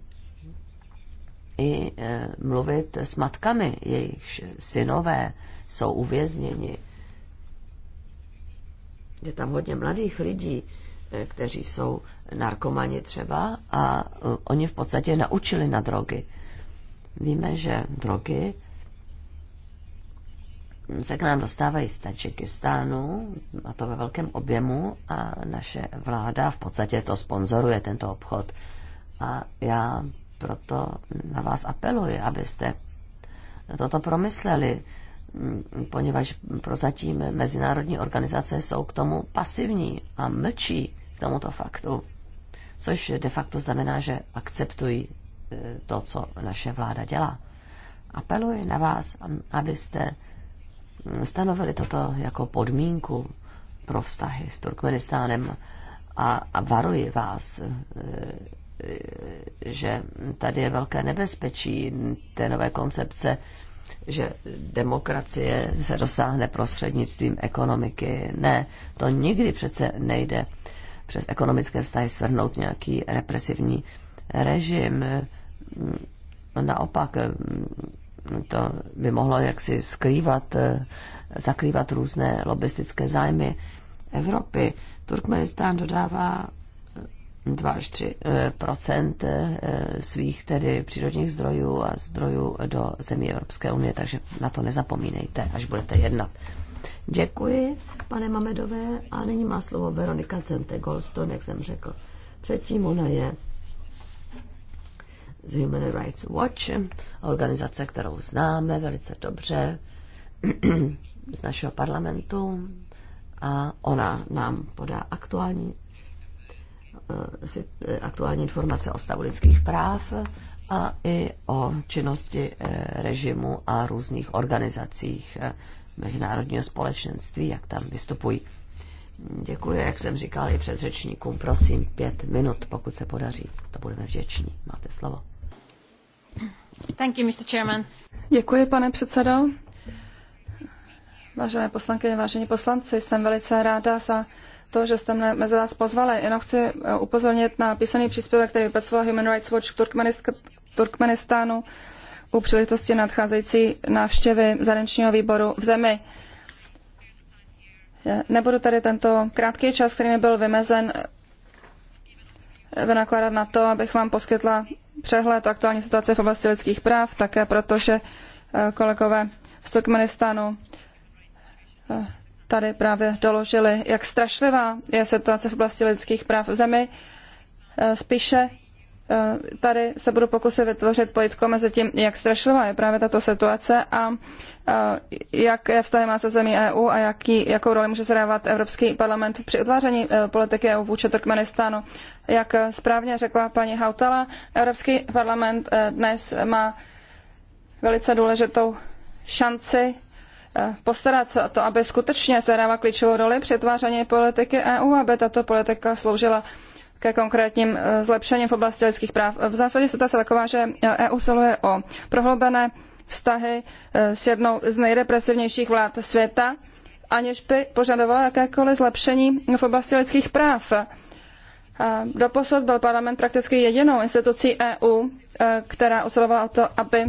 i e, mluvit s matkami, jejich synové jsou uvězněni. Je tam hodně mladých lidí, e, kteří jsou narkomani třeba a e, oni v podstatě naučili na drogy. Víme, že drogy se k nám dostávají z Tadžikistánu, a to ve velkém objemu, a naše vláda v podstatě to sponzoruje, tento obchod. A já proto na vás apeluji, abyste toto promysleli, mm, poněvadž prozatím mezinárodní organizace jsou k tomu pasivní a mlčí k tomuto faktu, což de facto znamená, že akceptují e, to, co naše vláda dělá. Apeluji na vás, abyste mm, stanovili toto jako podmínku pro vztahy s Turkmenistánem a, a varuji vás e, že tady je velké nebezpečí té nové koncepce, že demokracie se dosáhne prostřednictvím ekonomiky. Ne, to nikdy přece nejde přes ekonomické vztahy svrhnout nějaký represivní režim. Naopak, to by mohlo jaksi skrývat, zakrývat různé lobbystické zájmy Evropy. Turkmenistán dodává 2 až 3 eh, eh, svých tedy přírodních zdrojů a zdrojů do zemí Evropské unie, takže na to nezapomínejte, až budete jednat. Děkuji, pane Mamedové, a nyní má slovo Veronika Cente Goldstone, jak jsem řekl. Předtím ona je z Human Rights Watch, organizace, kterou známe velice dobře z našeho parlamentu a ona nám podá aktuální Eh, eh, aktuální informace o stavu lidských práv a i o činnosti eh, režimu a různých organizacích mezinárodního společenství, jak tam vystupují. Děkuji, jak jsem říkal i předřečníkům. Prosím, pět minut, pokud se podaří. To budeme vděční. Máte slovo. Thank you, Mr. Chairman. Děkuji, pane předsedo. Vážené poslankyně, vážení poslanci, jsem velice ráda za to, že jste mne mezi vás pozvali. Jenom chci eh, upozornit na písaný příspěvek, který vypracoval Human Rights Watch k Turkmenistánu u příležitosti nadcházející návštěvy zahraničního výboru v zemi. Nebudu tady tento krátký čas, který mi byl vymezen, eh, vynakládat na to, abych vám poskytla přehled o aktuální situace v oblasti lidských práv, také protože eh, kolegové z Turkmenistánu tady právě doložili, jak strašlivá je situace v oblasti lidských práv v zemi. E, spíše e, tady se budu pokusit vytvořit pojitko mezi tím, jak strašlivá je právě tato situace a e, jak je vztahy má se zemí EU a jaký, jakou roli může zahrávat Evropský parlament při utváření politiky EU vůči Turkmenistánu. Jak správně řekla paní Hautala, Evropský parlament dnes má velice důležitou šanci Eh, postarat se o to, aby skutečně sehrávala klíčovou roli při tváření politiky EU, aby tato politika sloužila ke konkrétním eh, zlepšením v oblasti lidských práv. V zásadě situace taková, že EU eh, e siluje o prohloubené vztahy s jednou z nejrepresivnějších vlád světa, aniž by požadovala jakékoliv zlepšení v oblasti lidských práv. Doposud byl parlament prakticky jedinou institucí EU, která usilovala o to, aby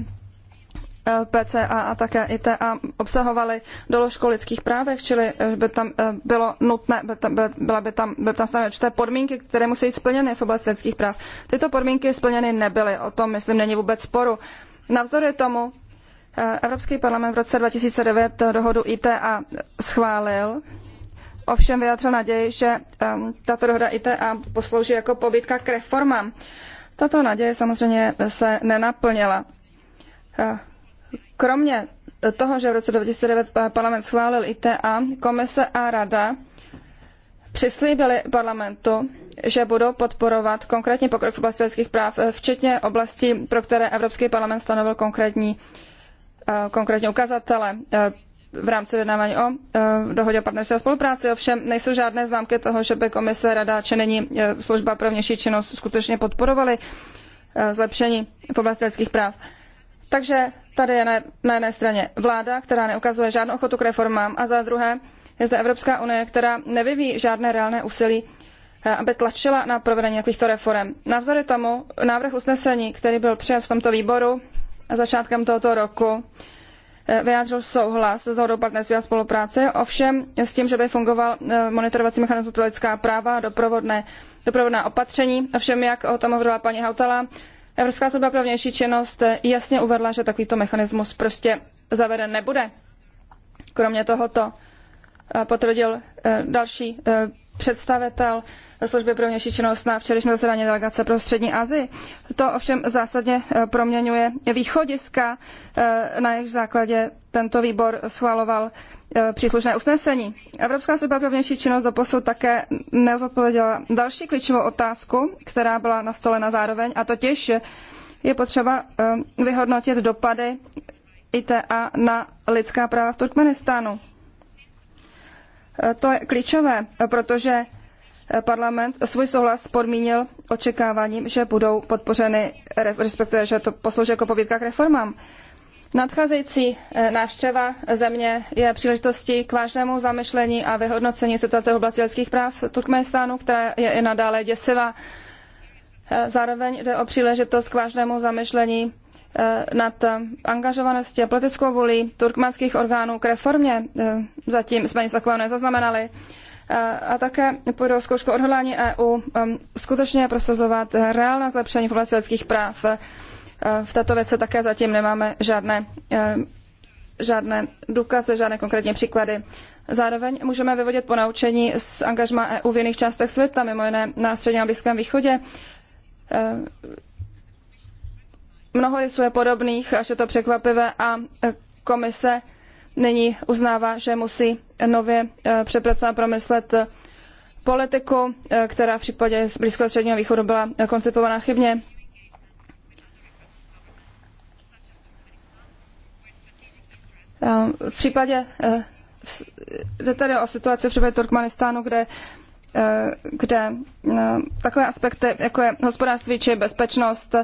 Eh, PCA a také ITA obsahovaly doložku o lidských právech, čili eh, by tam eh, bylo nutné, by tam, by, byla by tam, by tam stanoveny určité podmínky, které musí být splněny v oblasti lidských práv. Tyto podmínky splněny nebyly, o tom, myslím, není vůbec sporu. Navzdory tomu Evropský parlament v roce 2009 dohodu ITA schválil, ovšem vyjádřil naději, že ehm, tato dohoda ITA poslouží jako pobytka k reformám. Tato naděje samozřejmě se nenaplnila. Kromě toho, že v roce 2009 parlament schválil ITA, komise a rada přislíbili parlamentu, že budou podporovat konkrétní pokrok v oblasti lidských práv, eh, včetně oblastí, pro které Evropský parlament stanovil konkrétní, eh, konkrétní ukazatele eh, v rámci vyjednávání o dohodě o partnerství a spolupráci. Ovšem nejsou žádné známky toho, že by komise, rada či není služba pro vnější činnost skutečně podporovaly zlepšení v oblasti lidských práv. Takže Tady je na, jedné straně vláda, která neukazuje žádnou ochotu k reformám, a za druhé je zde Evropská unie, která nevyvíjí žádné reálné úsilí, eh, aby tlačila na provedení takovýchto reform. Navzory tomu návrh usnesení, který byl přijat v tomto výboru začátkem tohoto roku, eh, vyjádřil souhlas s dohodou partnerství a spolupráce, ovšem s tím, že by fungoval eh, monitorovací mechanismus pro lidská práva a doprovodné, doprovodná opatření. Ovšem, jak o tom hovořila paní Hautala, Evropská služba pro vnější činnost jasně uvedla, že takovýto mechanismus prostě zaveden nebude. Kromě tohoto eh, potvrdil eh, další eh, představitel služby pro vnější činnost na včerejším zasedání delegace pro střední Asii. To ovšem zásadně proměňuje východiska, na jejich základě tento výbor schvaloval E, příslušné usnesení. Evropská služba pro vnější činnost doposud také nezodpověděla další klíčovou otázku, která byla nastolena zároveň, a totiž je potřeba e, vyhodnotit dopady ITA na lidská práva v Turkmenistánu. E, to je klíčové, protože parlament svůj souhlas podmínil očekáváním, že budou podpořeny, respektive, že to poslouží jako povídka k reformám. Nadcházející eh, návštěva země je příležitostí k vážnému zamyšlení a vyhodnocení situace v oblasti lidských práv Turkmenistánu, která je i nadále děsivá. Eh, zároveň jde o příležitost k vážnému zamyšlení eh, nad angažovaností a politickou vůli turkmanských orgánů k reformě. Zatím jsme nic takového nezaznamenali. A také půjde o zkoušku odhodlání EU skutečně prosazovat reálná zlepšení v oblasti lidských práv. Eh, v této věci také zatím nemáme žádné, eh, žádné důkazy, žádné konkrétní příklady. Zároveň můžeme vyvodit ponaučení z angažma EU v jiných částech světa, mimo jiné na středním a Blízkém východě. Eh, mnoho rysů je podobných, až je to překvapivé, a komise nyní uznává, že musí nově přepracovat a promyslet politiku, která v případě Blízkého středního východu byla koncipována chybně. Eh, v případě, eh, jde tady o situaci v případě Turkmenistánu, kde eh, kde takové aspekty, jako je hospodářství či bezpečnost,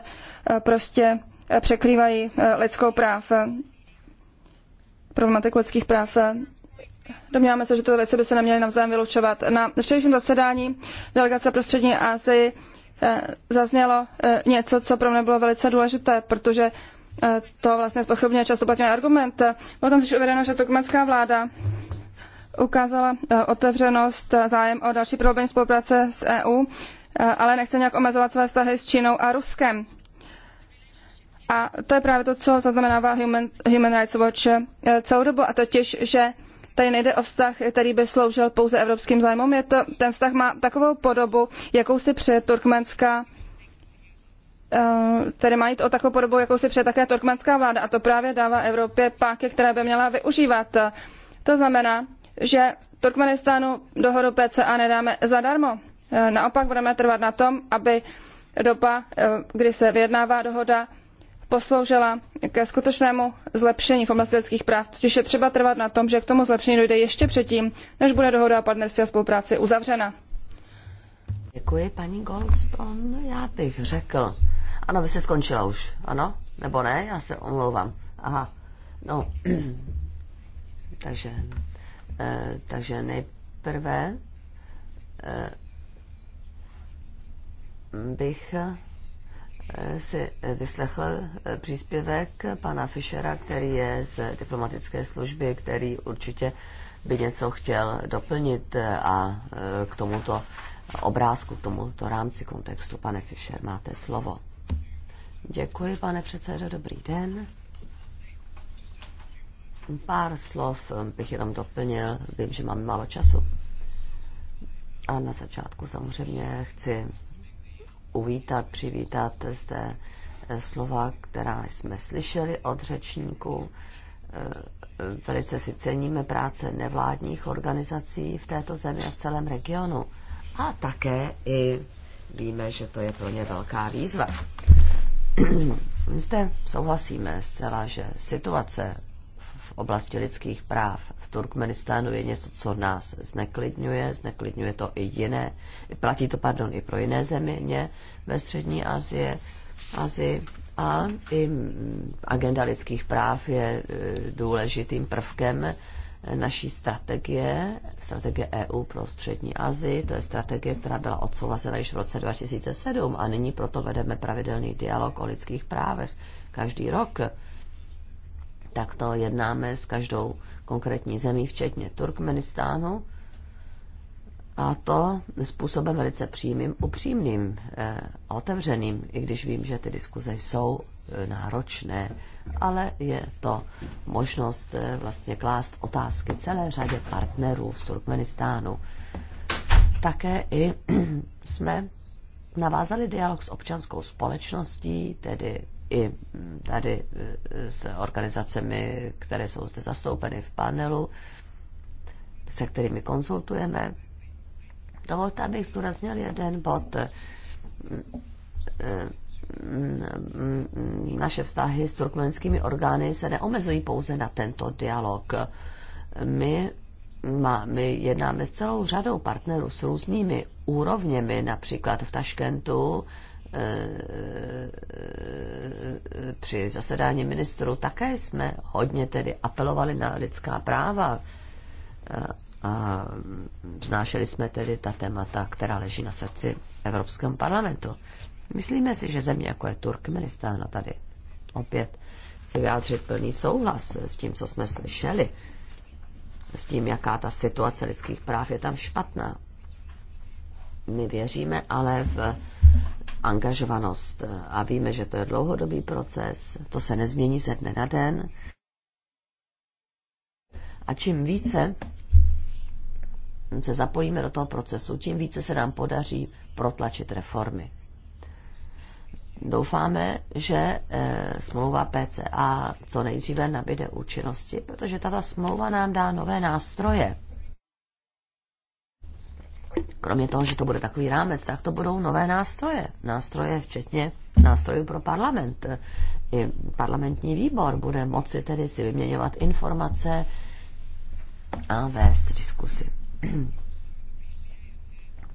prostě překrývají lidskou práv, problematiku lidských práv. Domníváme se, že tyto věci by se neměly navzájem vylučovat. Na včerejším zasedání delegace pro střední Asii zaznělo něco, co pro mě bylo velice důležité, protože E, to vlastně spochybňuje často platný argument. Bylo tam totiž uvedeno, že turkmenská vláda ukázala e, otevřenost, e, zájem o další prohloubení spolupráce s EU, ale nechce nějak omezovat své vztahy s Čínou a Ruskem. A to je právě to, co zaznamenává Human, Human Rights Watch celou dobu, a totiž, že tady nejde o vztah, který by sloužil pouze evropským zájmům. Je to, ten vztah má takovou podobu, jakou si přeje turkmenská Eh, tedy mají o takovou podobu, jakou si přeje také turkmenská vláda. A to právě dává Evropě páky, které by měla využívat. To znamená, že Turkmenistánu dohodu PCA nedáme zadarmo. Eh, naopak budeme trvat na tom, aby doba, eh, kdy se vyjednává dohoda, posloužila ke skutečnému zlepšení v oblasti lidských práv. Totiž je třeba trvat na tom, že k tomu zlepšení dojde ještě předtím, než bude dohoda o partnerství a spolupráci uzavřena. Děkuji, paní Goldstone. Já bych řekl, ano, vy jste skončila už, ano? Nebo ne? Já se omlouvám. Aha, no. takže, eh, takže nejprve eh, bych eh, si vyslechl eh, příspěvek pana Fischera, který je z diplomatické služby, který určitě by něco chtěl doplnit eh, a k tomuto obrázku, k tomuto rámci kontextu. Pane Fischer, máte slovo. Děkuji, pane předsedo, dobrý den. Pár slov bych jenom doplnil, vím, že mám málo času. A na začátku samozřejmě chci uvítat, přivítat zde eh, slova, která jsme slyšeli od řečníků. Eh, velice si ceníme práce nevládních organizací v této zemi a v celém regionu. A také i víme, že to je pro ně velká výzva. Zde souhlasíme zcela, že situace v oblasti lidských práv v Turkmenistánu je něco, co nás zneklidňuje, zneklidňuje to i jiné, platí to, pardon, i pro jiné země ve střední Asie, Azii a i agenda lidských práv je e, důležitým prvkem naší strategie, strategie EU pro střední Azii. To je strategie, která byla odsouhlasena již v roce 2007 a nyní proto vedeme pravidelný dialog o lidských právech každý rok. Tak to jednáme s každou konkrétní zemí, včetně Turkmenistánu. A to způsobem velice přímým, upřímným eh, otevřeným, i když vím, že ty diskuze jsou eh, náročné ale je to možnost eh, vlastně klást otázky celé řadě partnerů z Turkmenistánu. Také i jsme navázali dialog s občanskou společností, tedy i mm, tady eh, s organizacemi, které jsou zde zastoupeny v panelu, se kterými konzultujeme. Dovolte, abych zdůraznil jeden bod eh, naše vztahy s turkmenskými orgány se neomezují pouze na tento dialog. My, má, my jednáme s celou řadou partnerů s různými úrovněmi, například v Taškentu eh, při zasedání ministrů také jsme hodně tedy apelovali na lidská práva eh, a vznášeli jsme tedy ta témata, která leží na srdci Evropskému parlamentu. Myslíme si, že země jako je Turkmenistán a tady opět chci vyjádřit plný souhlas s tím, co jsme slyšeli, s tím, jaká ta situace lidských práv je tam špatná. My věříme ale v angažovanost a víme, že to je dlouhodobý proces, to se nezmění ze dne na den. A čím více se zapojíme do toho procesu, tím více se nám podaří protlačit reformy doufáme, že eh, smlouva PCA co nejdříve nabide účinnosti, protože tato smlouva nám dá nové nástroje. Kromě toho, že to bude takový rámec, tak to budou nové nástroje. Nástroje včetně nástrojů pro parlament. I parlamentní výbor bude moci tedy si vyměňovat informace a vést diskusy.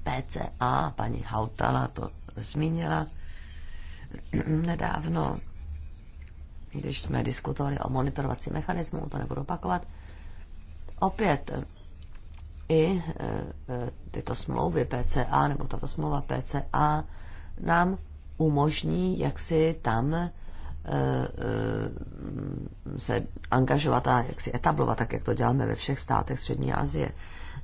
PCA, paní Hautala to zmínila, nedávno, když jsme diskutovali o monitorovacím mechanismu, to nebudu opakovat, opět i e, e, tyto smlouvy PCA nebo tato smlouva PCA nám umožní, jak si tam e, se angažovat a jak si etablovat, tak jak to děláme ve všech státech Střední Asie.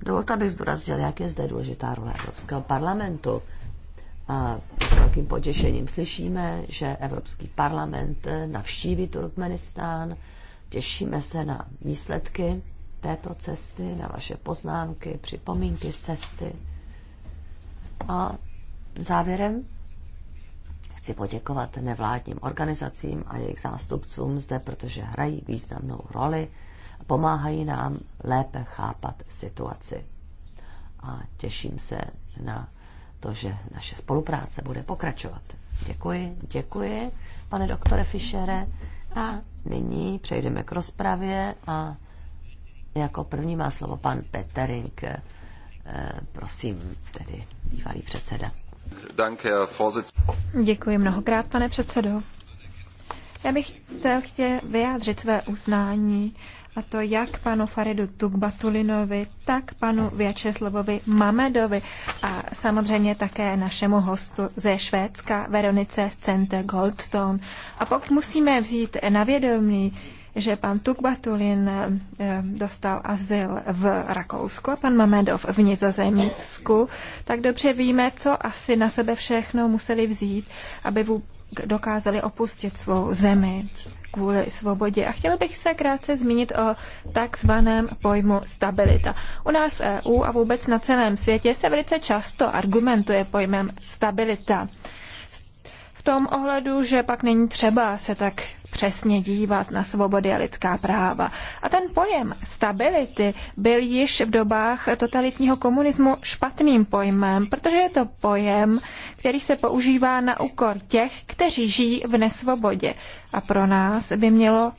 Dovolte, abych zdůraznil, jak je zde důležitá role Evropského parlamentu a s velkým potěšením slyšíme, že Evropský parlament eh, navštíví Turkmenistán. Těšíme se na výsledky této cesty, na vaše poznámky, připomínky z cesty. A závěrem chci poděkovat nevládním organizacím a jejich zástupcům zde, protože hrají významnou roli a pomáhají nám lépe chápat situaci. A těším se na že naše spolupráce bude pokračovat. Děkuji, děkuji, pane doktore Fischere. A nyní přejdeme k rozpravě a jako první má slovo pan Petering. Eh, prosím, tedy bývalý předseda. Děkuji mnohokrát, pane předsedo. Já bych chtěl, chtěl vyjádřit své uznání a to jak panu Faridu Tukbatulinovi, tak panu Vyačeslavovi Mamedovi a samozřejmě také našemu hostu ze Švédska, Veronice Center Goldstone. A pokud musíme vzít na vědomí, že pan Tukbatulin eh, dostal azyl v Rakousku a pan Mamedov v Nizozemsku, tak dobře víme, co asi na sebe všechno museli vzít, aby dokázali opustit svou zemi kvůli svobodě. A chtěla bych se krátce zmínit o takzvaném pojmu stabilita. U nás v EU a vůbec na celém světě se velice často argumentuje pojmem stabilita. V tom ohledu, že pak není třeba se tak přesně dívat na svobody a lidská práva. A ten pojem stability byl již v dobách totalitního komunismu špatným pojmem, protože je to pojem, který se používá na úkor těch, kteří žijí v nesvobodě. A pro nás by mělo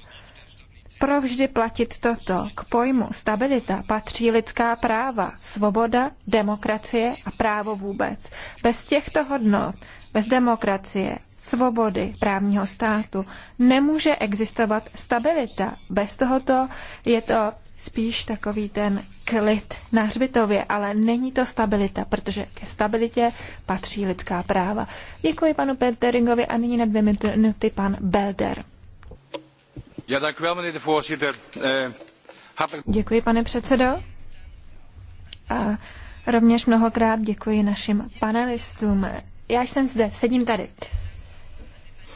provždy platit toto. K pojmu stabilita patří lidská práva, svoboda, demokracie a právo vůbec. Bez těchto hodnot, bez demokracie, svobody právního státu. Nemůže existovat stabilita. Bez tohoto je to spíš takový ten klid na hřbitově, ale není to stabilita, protože ke stabilitě patří lidská práva. Děkuji panu Peteringovi a nyní na dvě minuty pan Belder. Eh, děkuji, pane předsedo. A rovněž mnohokrát děkuji našim panelistům. Já jsem zde, sedím tady.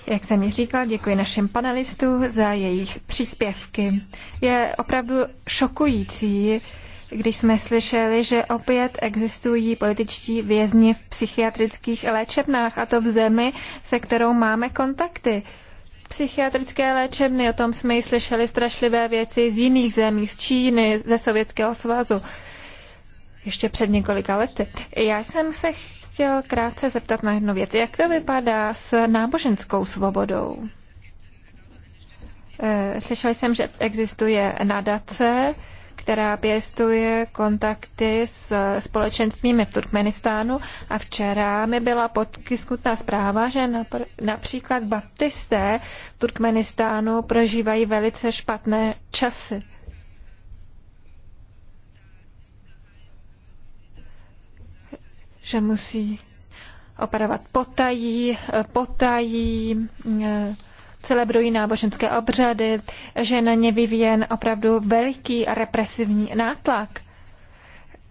Jak jsem již říkal, děkuji našim panelistům za jejich příspěvky. Je opravdu šokující, když jsme slyšeli, že opět existují političtí vězni v psychiatrických léčebnách, a to v zemi, se kterou máme kontakty. Psychiatrické léčebny, o tom jsme ji slyšeli strašlivé věci z jiných zemí, z Číny, ze Sovětského svazu, ještě před několika lety. Já jsem se chtěl krátce zeptat na jednu věc. Jak to vypadá s náboženskou svobodou? Eh, slyšel jsem, že existuje nadace, která pěstuje kontakty s společenstvími v Turkmenistánu a včera mi byla podkyskutná zpráva, že napr- například baptisté v Turkmenistánu prožívají velice špatné časy. že musí operovat potají, potají, e, celebrují náboženské obřady, že na ně vyvíjen opravdu veliký a represivní nátlak.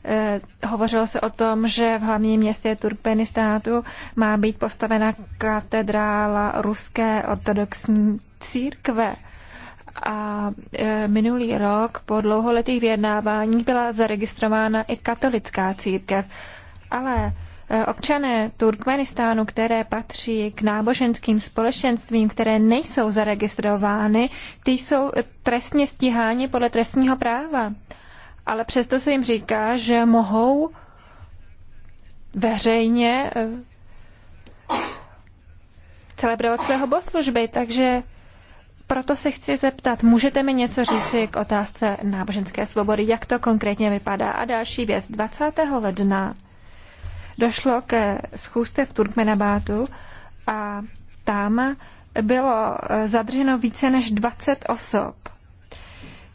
E, hovořilo se o tom, že v hlavním městě Turkmenistánu má být postavena katedrála ruské ortodoxní církve. A e, minulý rok po dlouholetých vyjednáváních byla zaregistrována i katolická církev ale e, občané Turkmenistánu, které patří k náboženským společenstvím, které nejsou zaregistrovány, ty jsou trestně stíháni podle trestního práva. Ale přesto se jim říká, že mohou veřejně e, celebrovat svého bohoslužby, takže proto se chci zeptat, můžete mi něco říci k otázce náboženské svobody, jak to konkrétně vypadá? A další věc, 20. ledna došlo ke schůzce v Turkmenabátu a tam bylo eh, zadrženo více než 20 osob.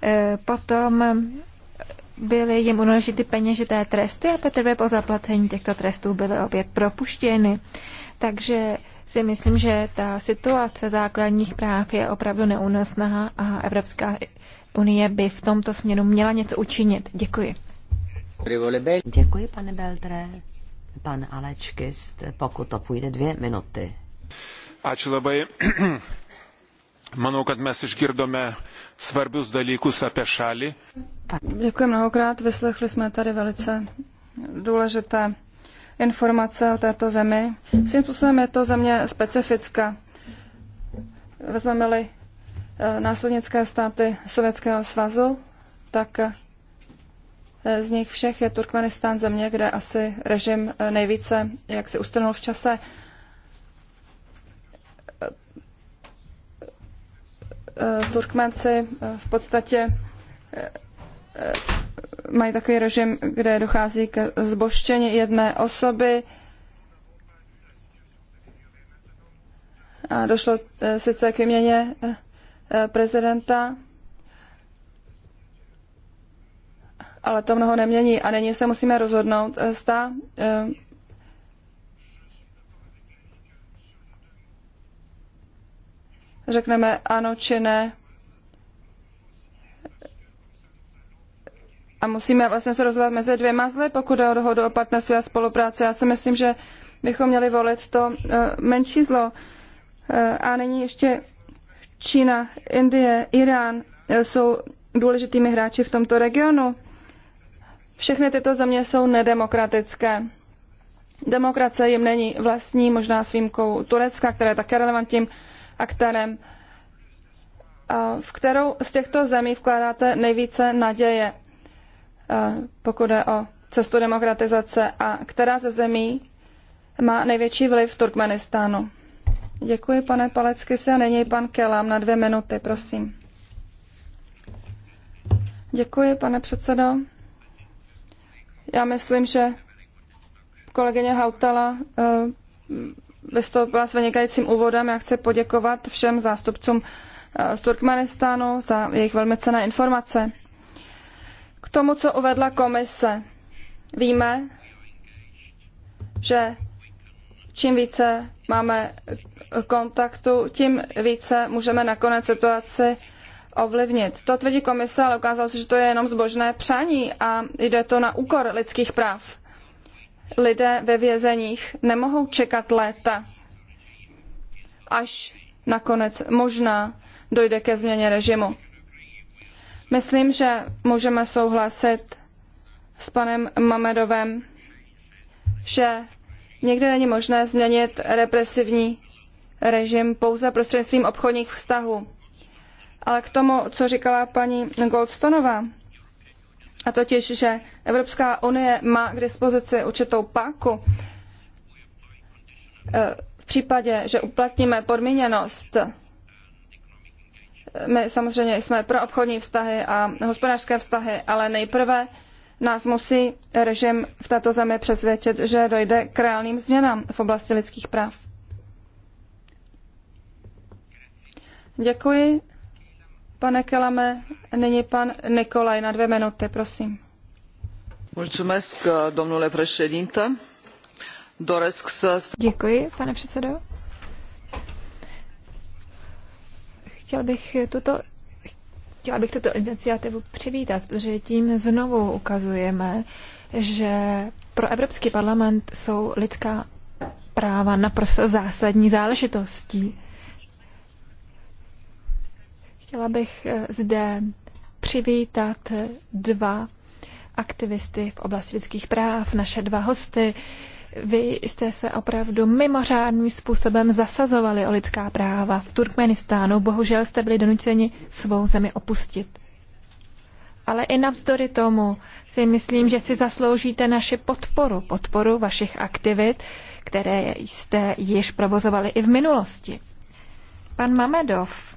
Eh, potom byly jim uložity peněžité tresty a teprve po zaplacení těchto trestů byly opět propuštěny. Takže si myslím, že ta situace základních práv je opravdu neúnosná a Evropská unie by v tomto směru měla něco učinit. Děkuji. Děkuji, pane Beltré. Pan Alečkist, pokud to půjde dvě minuty. Ačiū labai. Manau, kad mes išgirdome svarbius dalykus apie šalį. Děkuji mnohokrát, vyslechli jsme tady velice důležité informace o této zemi. Svým způsobem je to země specifická. Vezmeme-li eh, následnické státy Sovětského svazu, tak eh, z nich všech je Turkmenistán země, kde asi režim eh, nejvíce jak se ustanul v čase. Eh, eh, Turkmenci v podstatě mají takový režim, kde dochází k zboštění jedné osoby. A došlo sice k výměně prezidenta, ale to mnoho nemění. A nyní se musíme rozhodnout, eh, zda eh, řekneme ano či ne. A musíme vlastně se rozhodovat mezi dvěma zly, pokud je o dohodu o partnerství a spolupráci. Já si myslím, že bychom měli volit to eh, menší zlo. A nyní ještě Čína, Indie, Irán jsou důležitými hráči v tomto regionu. Všechny tyto země jsou nedemokratické. Demokracie jim není vlastní, možná s výjimkou Turecka, které je také relevantním aktérem. V kterou z těchto zemí vkládáte nejvíce naděje, pokud je o cestu demokratizace a která ze zemí má největší vliv v Turkmenistánu? Děkuji, pane Palecky, se a není pan Kelam na dvě minuty, prosím. Děkuji, pane předsedo. Já myslím, že kolegyně Hautala eh, vystoupila s vynikajícím úvodem. Já chci poděkovat všem zástupcům eh, z Turkmenistánu za jejich velmi cené informace. K tomu, co uvedla komise, víme, že čím více máme kontaktu, tím více můžeme nakonec situaci ovlivnit. To tvrdí komise, ale ukázalo se, že to je jenom zbožné přání a jde to na úkor lidských práv. Lidé ve vězeních nemohou čekat léta, až nakonec možná dojde ke změně režimu. Myslím, že můžeme souhlasit s panem Mamedovem, že někde není možné změnit represivní režim pouze prostřednictvím obchodních vztahů. Ale k tomu, co říkala paní Goldstonová, a totiž, že Evropská unie má k dispozici určitou páku, e, v případě, že uplatníme podmíněnost, my samozřejmě jsme pro obchodní vztahy a hospodářské vztahy, ale nejprve nás musí režim v této zemi přesvědčit, že dojde k reálným změnám v oblasti lidských práv. Děkuji. Pane Kelame, nyní pan Nikolaj na dvě minuty, prosím. Děkuji, pane předsedo. Chtěl bych tuto Chtěla bych tuto iniciativu přivítat, protože tím znovu ukazujeme, že pro Evropský parlament jsou lidská práva naprosto zásadní záležitostí. Chtěla bych eh, zde přivítat eh, dva aktivisty v oblasti lidských práv, naše dva hosty. Vy jste se opravdu mimořádným způsobem zasazovali o lidská práva v Turkmenistánu. Bohužel jste byli donuceni svou zemi opustit. Ale i navzdory tomu si myslím, že si zasloužíte naši podporu, podporu vašich aktivit, které jste již provozovali i v minulosti. Pan Mamedov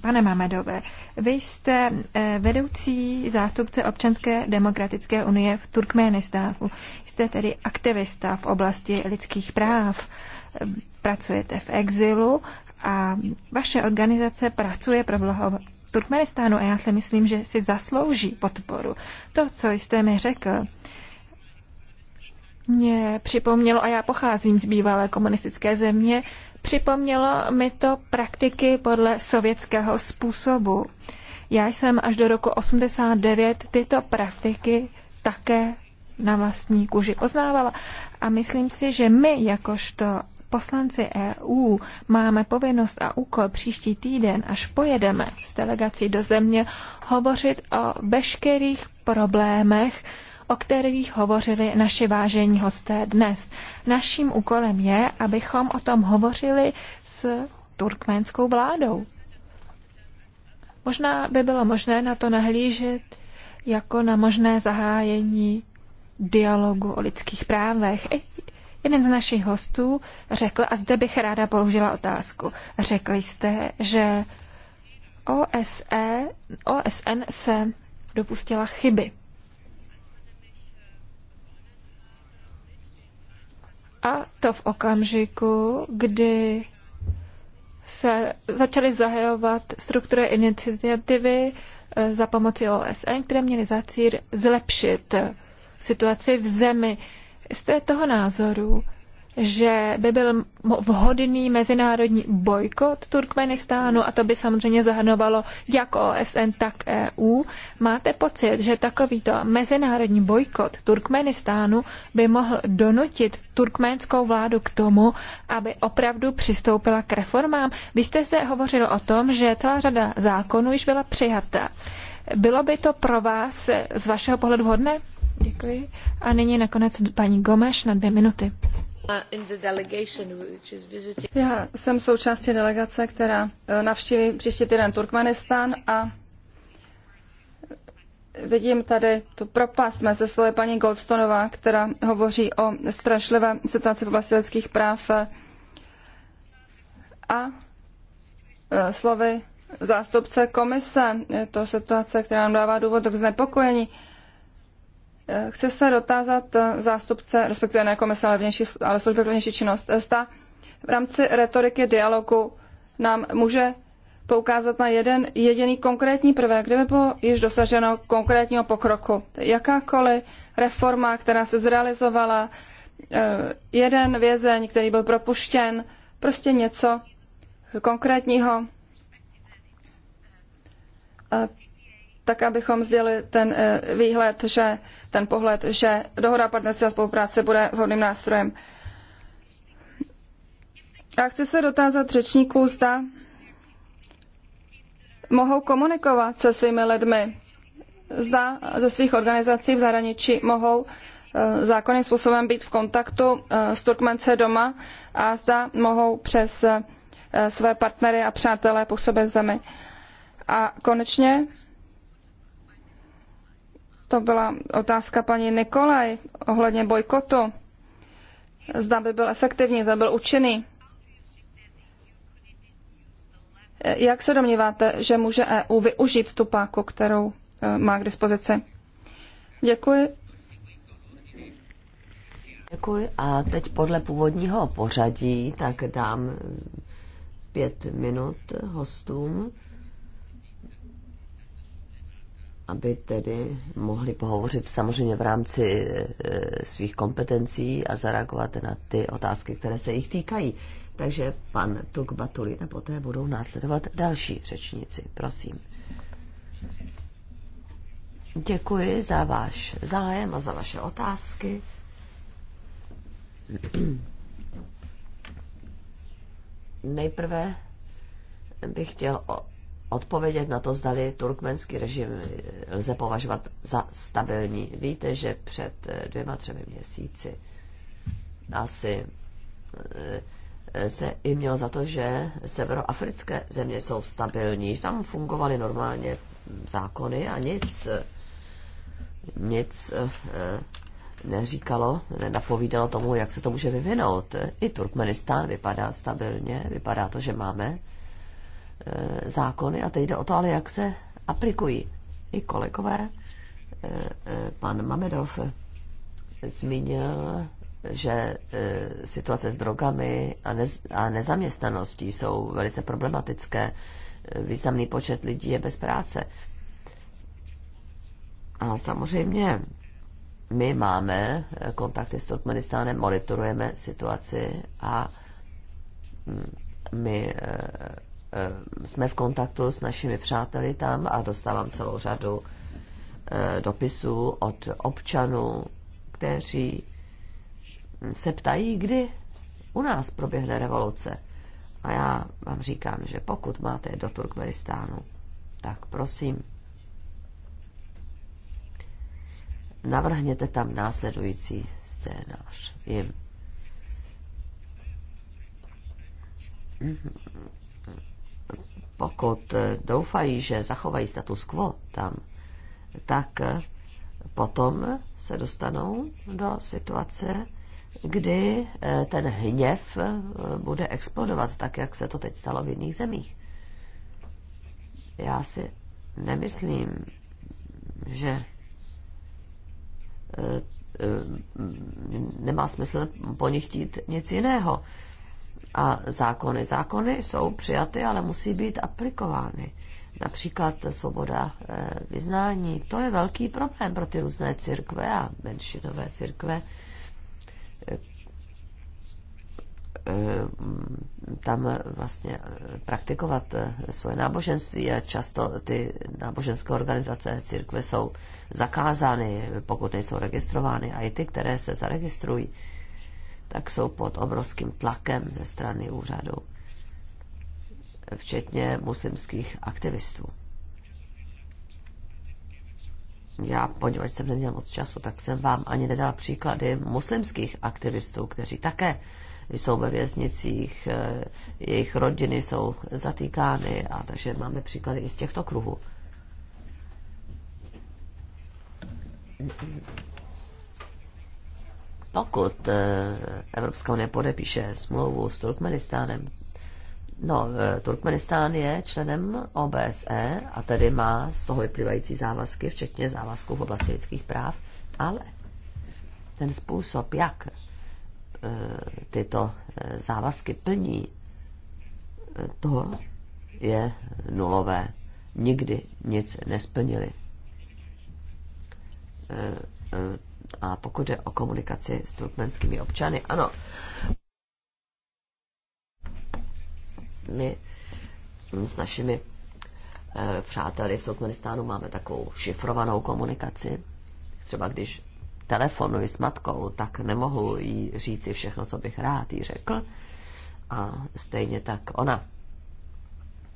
Pane Mamedové, vy jste eh, vedoucí zástupce občanské demokratické unie v Turkmenistánu. Jste tedy aktivista v oblasti lidských práv. Pracujete v exilu a vaše organizace pracuje pro blaho Turkmenistánu a já si myslím, že si zaslouží podporu. To, co jste mi řekl, mě připomnělo, a já pocházím z bývalé komunistické země, Připomnělo mi to praktiky podle sovětského způsobu. Já jsem až do roku 89 tyto praktiky také na vlastní kůži poznávala a myslím si, že my jakožto poslanci EU máme povinnost a úkol příští týden, až pojedeme s delegací do země, hovořit o veškerých problémech, o kterých hovořili naši vážení hosté dnes. Naším úkolem je, abychom o tom hovořili s turkménskou vládou. Možná by bylo možné na to nahlížet jako na možné zahájení dialogu o lidských právech. I jeden z našich hostů řekl, a zde bych ráda položila otázku, řekli jste, že OSE, OSN se dopustila chyby. A to v okamžiku, kdy se začaly zahajovat struktury iniciativy eh, za pomoci OSN, které měly za cíl zlepšit situaci v zemi. Jste toho názoru že by byl vhodný mezinárodní bojkot Turkmenistánu a to by samozřejmě zahrnovalo jak OSN, tak EU. Máte pocit, že takovýto mezinárodní bojkot Turkmenistánu by mohl donutit turkménskou vládu k tomu, aby opravdu přistoupila k reformám? Vy jste zde hovořil o tom, že celá řada zákonů již byla přijata. Bylo by to pro vás z vašeho pohledu hodné? Děkuji. A nyní nakonec paní Gomeš na dvě minuty. Já jsem součástí delegace, která e, navštíví příští týden Turkmenistán a vidím tady tu propast mezi slovy paní Goldstonová, která hovoří o strašlivé situaci v oblasti lidských práv e, a e, slovy zástupce komise. Je to situace, která nám dává důvod k znepokojení. Chci se dotázat eh, zástupce, respektive ne komise, ale, vnější, ale služby pro vnější činnost, eh, zda v rámci retoriky dialogu nám může poukázat na jeden jediný konkrétní prvek, kde by bylo již dosaženo konkrétního pokroku. Jakákoliv reforma, která se zrealizovala, eh, jeden vězeň, který byl propuštěn, prostě něco konkrétního tak abychom sdělili ten eh, výhled, že ten pohled, že dohoda partnerství a spolupráce bude vhodným nástrojem. A chci se dotázat řečníků, zda mohou komunikovat se svými lidmi, zda ze svých organizací v zahraničí mohou eh, zákonným způsobem být v kontaktu eh, s Turkmence doma a zda mohou přes své partnery a přátelé působit v zemi. A konečně to byla otázka paní Nikolaj ohledně bojkotu. Zda by byl efektivní, zda byl účinný. Jak se domníváte, že může EU využít tu páku, kterou eh, má k dispozici? Děkuji. Děkuji. A teď podle původního pořadí, tak dám pět minut hostům aby tedy mohli pohovořit samozřejmě v rámci e, svých kompetencí a zareagovat na ty otázky, které se jich týkají. Takže pan Tuk Batuli a poté budou následovat další řečníci. Prosím. Děkuji za váš zájem a za vaše otázky. Nejprve bych chtěl odpovědět na to, zdali turkmenský režim lze považovat za stabilní. Víte, že před eh, dvěma, třemi měsíci asi eh, se i mělo za to, že severoafrické země jsou stabilní. Tam fungovaly normálně zákony a nic, nic eh, neříkalo, nenapovídalo tomu, jak se to může vyvinout. I Turkmenistán vypadá stabilně, vypadá to, že máme Eh, zákony a teď jde o to, ale jak se aplikují. I kolegové, eh, eh, pan Mamedov zmínil, že situace s drogami a, nez, a nezaměstnaností jsou velice problematické. Významný počet lidí je bez práce. A samozřejmě my máme kontakty s Turkmenistánem, monitorujeme situaci a mm, my Eh, jsme v kontaktu s našimi přáteli tam a dostávám celou řadu eh, dopisů od občanů, kteří se ptají, kdy u nás proběhne revoluce. A já vám říkám, že pokud máte do Turkmenistánu, tak prosím, navrhněte tam následující scénář jim pokud eh, doufají, že zachovají status quo tam, tak eh, potom se dostanou do situace, kdy eh, ten hněv bude explodovat, tak jak se to teď stalo v jiných zemích. Já si nemyslím, že nemá smysl po nich chtít nic jiného a zákony. Zákony jsou přijaty, ale musí být aplikovány. Například svoboda eh, vyznání, to je velký problém pro ty různé církve a menšinové církve. Eh, eh, tam vlastně praktikovat svoje náboženství a často ty náboženské organizace církve jsou zakázány, pokud nejsou registrovány, a i ty, které se zaregistrují tak jsou pod obrovským tlakem ze strany úřadu, včetně muslimských aktivistů. Já, poněvadž jsem neměl moc času, tak jsem vám ani nedal příklady muslimských aktivistů, kteří také jsou ve věznicích, eh, jejich rodiny jsou zatýkány, a takže máme příklady i z těchto kruhů. Pokud eh, Evropská unie podepíše smlouvu s Turkmenistánem, no, eh, Turkmenistán je členem OBSE a tedy má z toho vyplývající závazky, včetně závazků v oblasti lidských práv, ale ten způsob, jak eh, tyto závazky plní, to je nulové. Nikdy nic nesplnili a pokud jde o komunikaci s turkmenskými občany, ano. My s našimi eh, přáteli v Turkmenistánu máme takovou šifrovanou komunikaci. Třeba když telefonuji s matkou, tak nemohu jí říci všechno, co bych rád jí řekl. A stejně tak ona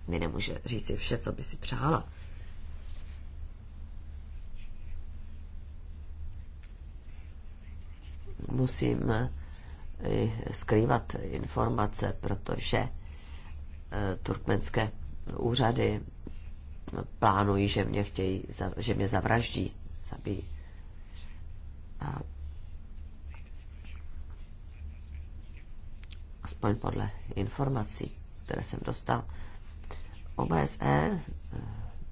mi nemůže říci vše, co by si přála. musím eh, skrývat informace, protože eh, turkmenské úřady plánují, že mě, chtějí, že mě zavraždí, zabijí. A aspoň podle informací, které jsem dostal. OBSE eh,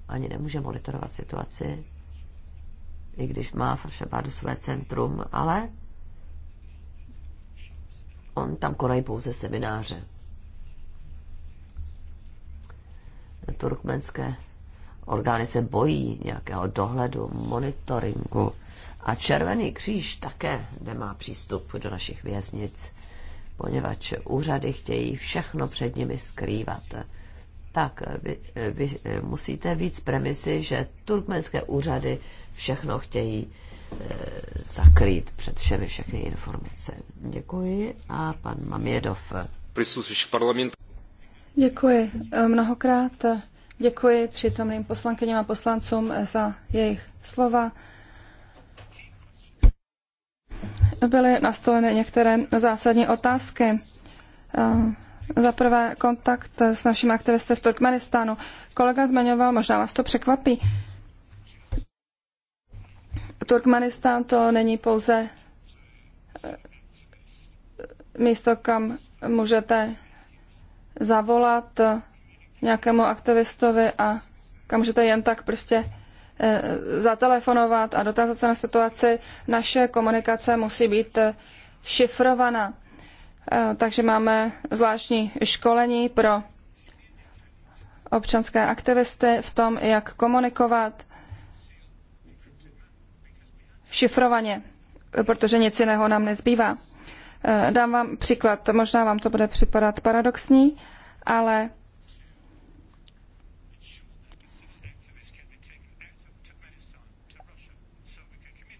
ani nemůže monitorovat situaci, i když má v své centrum, ale on tam konají pouze semináře. Turkmenské orgány se bojí nějakého dohledu, monitoringu a Červený kříž také nemá přístup do našich věznic, poněvadž úřady chtějí všechno před nimi skrývat tak eh, vy, eh, vy eh, musíte víc premisy, že turkmenské úřady všechno chtějí e, zakrýt před všemi všechny informace. Děkuji a pan Mamědov. parlament. Děkuji mnohokrát. Děkuji přítomným poslankyním a poslancům za jejich slova. Byly nastoleny některé zásadní otázky. Za prvé kontakt s našimi aktivisty v Turkmenistánu. Kolega zmiňoval, možná vás to překvapí. Turkmenistán to není pouze eh, místo, kam můžete zavolat eh, nějakému aktivistovi a kam můžete jen tak prostě eh, zatelefonovat a dotázat se na situaci. Naše komunikace musí být šifrovaná. Eh, takže máme zvláštní školení pro občanské aktivisty v tom, jak komunikovat šifrovaně, protože nic jiného nám nezbývá. Eh, dám vám příklad, možná vám to bude připadat paradoxní, ale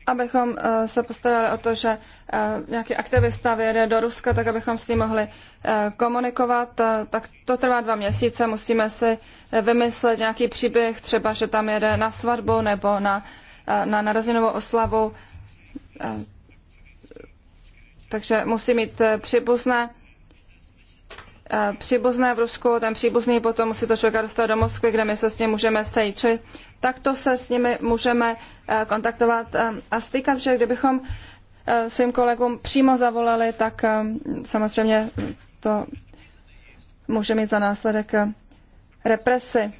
abychom eh, se postarali o to, že eh, nějaký aktivista vyjede do Ruska, tak abychom s ním mohli eh, komunikovat. Tak to trvá dva měsíce, musíme si vymyslet nějaký příběh, třeba, že tam jede na svatbu nebo na, na narozeninovou oslavu. Takže musí mít příbuzné příbuzné v Rusku, ten příbuzný potom musí to člověka dostat do Moskvy, kde my se s ním můžeme sejít. Čili takto se s nimi můžeme e, kontaktovat e, a stýkat, že kdybychom e, svým kolegům přímo zavolali, tak samozřejmě to může mít za následek represi.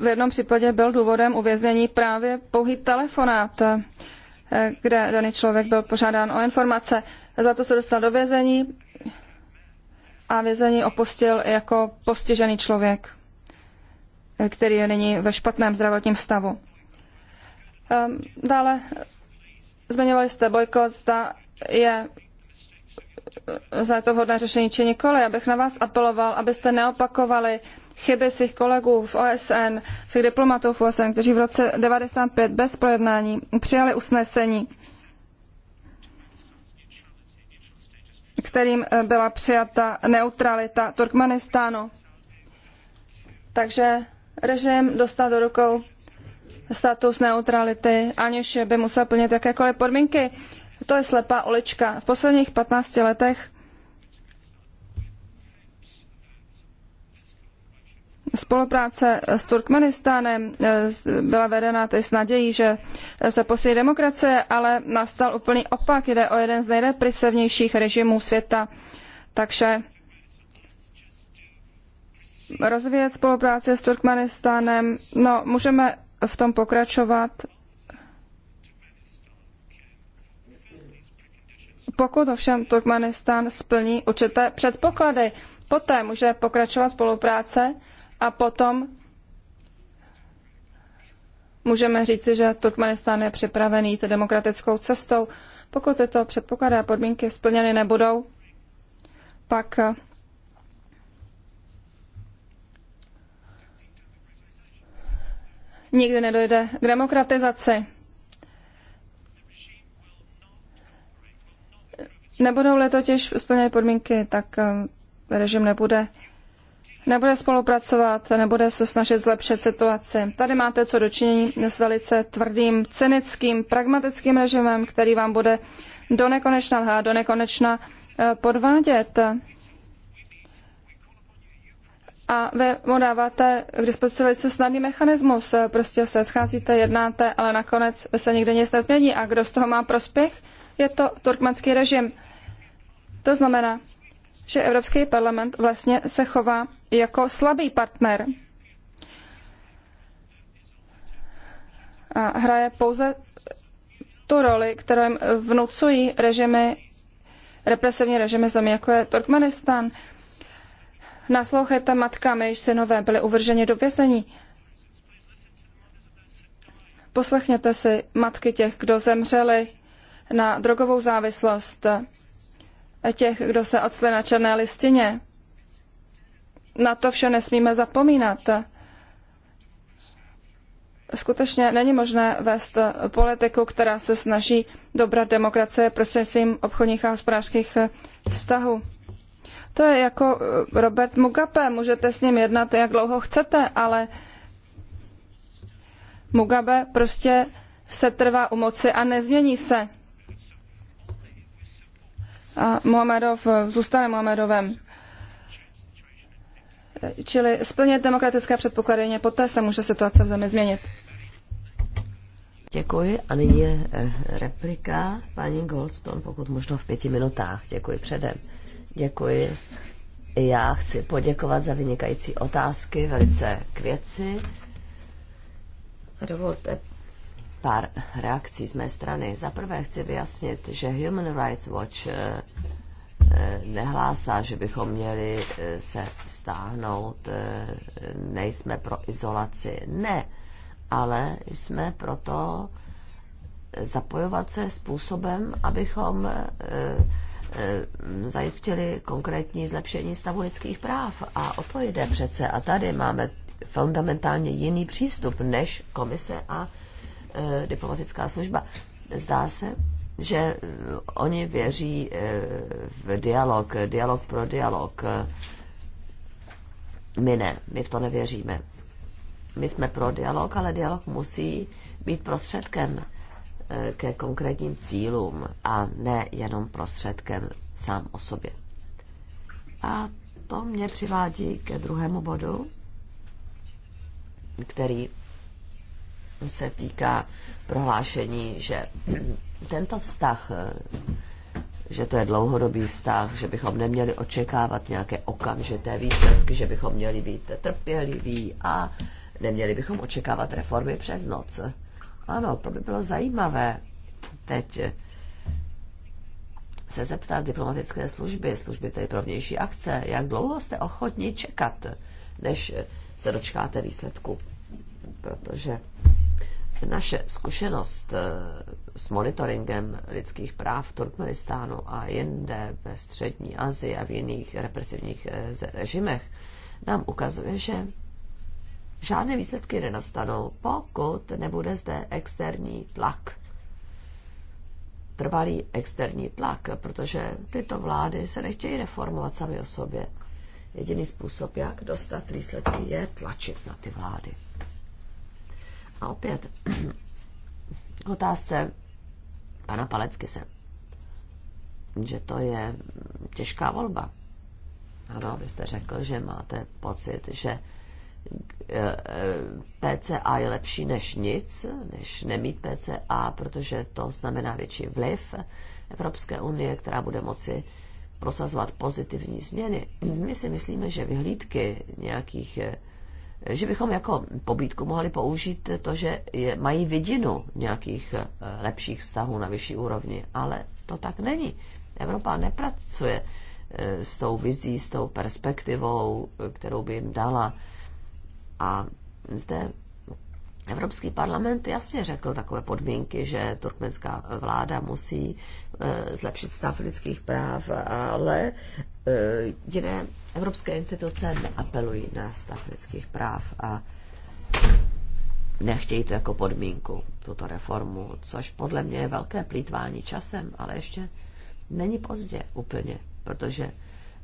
V jednom případě byl důvodem uvěznění právě pouhý telefonát, kde daný člověk byl požádán o informace. Za to se dostal do vězení a vězení opustil jako postižený člověk, který je nyní ve špatném zdravotním stavu. Ehm, dále zmiňovali jste bojkot, zda je e, za to vhodné řešení či nikoli. Já bych na vás apeloval, abyste neopakovali chyby svých kolegů v OSN, svých diplomatů v OSN, kteří v roce 95 bez projednání přijali usnesení, kterým eh, byla přijata neutralita Turkmenistánu. Takže režim dostal do rukou status neutrality, aniž by musel plnit jakékoliv podmínky. To je slepá ulička. V posledních 15 letech Spolupráce s Turkmenistánem eh, byla vedena tedy s nadějí, že se posílí demokracie, ale nastal úplný opak. Jde o jeden z nejrepresivnějších režimů světa. Takže rozvíjet spolupráci s Turkmenistánem, no můžeme v tom pokračovat, pokud ovšem Turkmenistán splní určité předpoklady. Poté může pokračovat spolupráce a potom můžeme říci, že Turkmenistán je připravený jít demokratickou cestou. Pokud tyto předpoklady a podmínky splněny nebudou, pak eh, nikdy nedojde k demokratizaci. Nebudou-li totiž splněny podmínky, tak eh, režim nebude nebude spolupracovat, nebude se snažit zlepšit situaci. Tady máte co dočinění s velice tvrdým, cynickým, pragmatickým režimem, který vám bude do nekonečna lhát, do nekonečna eh, podvádět. A vy mu dáváte k dispozici velice snadný mechanismus. Eh, prostě se scházíte, jednáte, ale nakonec se nikdy nic nezmění. A kdo z toho má prospěch? Je to turkmanský režim. To znamená, že Evropský parlament vlastně se chová jako slabý partner. A hraje pouze tu roli, kterou jim vnucují režimy, represivní režimy země, jako je Turkmenistán. Naslouchejte matkám, jejich synové byli uvrženi do vězení. Poslechněte si matky těch, kdo zemřeli na drogovou závislost, těch, kdo se odstli na černé listině, na to vše nesmíme zapomínat. Skutečně není možné vést politiku, která se snaží dobrat demokracie prostřednictvím obchodních a hospodářských vztahů. To je jako eh, Robert Mugabe, můžete s ním jednat, jak dlouho chcete, ale Mugabe prostě se trvá u moci a nezmění se. A Mohamedov eh, zůstane Mohamedovem čili splnit demokratické předpoklady, poté se může situace v zemi změnit. Děkuji a nyní je eh, replika paní Goldstone, pokud možno v pěti minutách. Děkuji předem. Děkuji. Já chci poděkovat za vynikající otázky, velice k věci. A dovolte pár reakcí z mé strany. Za prvé chci vyjasnit, že Human Rights Watch eh, E, nehlásá, že bychom měli e, se stáhnout, e, nejsme pro izolaci. Ne, ale jsme proto zapojovat se způsobem, abychom zajistili konkrétní zlepšení stavu lidských práv. A o to jde přece. A tady máme fundamentálně jiný přístup než komise a diplomatická služba. Zdá se, že eh, oni věří eh, v dialog, dialog pro dialog. My ne, my v to nevěříme. My jsme pro dialog, ale dialog musí být prostředkem eh, ke konkrétním cílům a ne jenom prostředkem sám o sobě. A to mě přivádí ke druhému bodu, který se týká prohlášení, že tento vztah, eh, že to je dlouhodobý vztah, že bychom neměli očekávat nějaké okamžité výsledky, že bychom měli být trpěliví a neměli bychom očekávat reformy přes noc. Ano, to by bylo zajímavé teď eh, se zeptat diplomatické služby, služby tedy pro vnější akce, jak dlouho jste ochotni čekat, než se dočkáte výsledku. Protože naše zkušenost eh, s monitoringem lidských práv v Turkmenistánu a jinde ve střední Asii a v jiných represivních eh, režimech nám ukazuje, že žádné výsledky nenastanou, pokud nebude zde externí tlak. Trvalý externí tlak, protože tyto vlády se nechtějí reformovat sami o sobě. Jediný způsob, jak dostat výsledky, je tlačit na ty vlády. A opět k otázce pana Palecky se, že to je těžká volba. Ano, vy jste řekl, že máte pocit, že eh, eh, PCA je lepší než nic, než nemít PCA, protože to znamená větší vliv Evropské unie, která bude moci prosazovat pozitivní změny. My si myslíme, že vyhlídky nějakých eh, že bychom jako pobídku mohli použít to, že je, mají vidinu nějakých eh, lepších vztahů na vyšší úrovni, ale to tak není. Evropa nepracuje eh, s tou vizí, s tou perspektivou, eh, kterou by jim dala. A zde Evropský parlament jasně řekl takové podmínky, že turkmenská vláda musí e, zlepšit stav lidských práv, ale e, jiné evropské instituce neapelují na stav lidských práv a nechtějí to jako podmínku, tuto reformu, což podle mě je velké plítvání časem, ale ještě není pozdě úplně, protože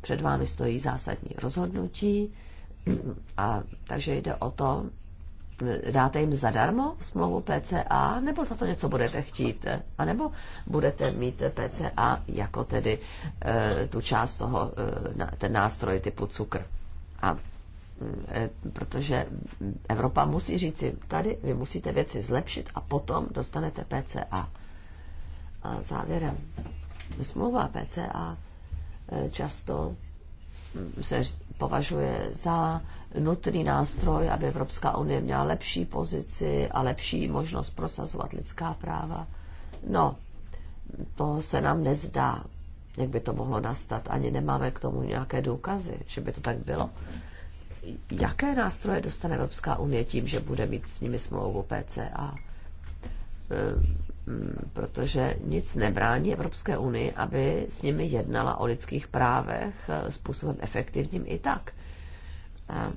před vámi stojí zásadní rozhodnutí a takže jde o to, dáte jim zadarmo smlouvu PCA, nebo za to něco budete chtít, anebo budete mít PCA jako tedy e, tu část toho, e, ten nástroj typu cukr. A e, protože Evropa musí říci, tady vy musíte věci zlepšit a potom dostanete PCA. A závěrem, smlouva PCA často se považuje za nutný nástroj, aby Evropská unie měla lepší pozici a lepší možnost prosazovat lidská práva. No, to se nám nezdá, jak by to mohlo nastat. Ani nemáme k tomu nějaké důkazy, že by to tak bylo. Jaké nástroje dostane Evropská unie tím, že bude mít s nimi smlouvu PCA? Hmm, protože nic nebrání Evropské unii, aby s nimi jednala o lidských právech eh, způsobem efektivním i tak. A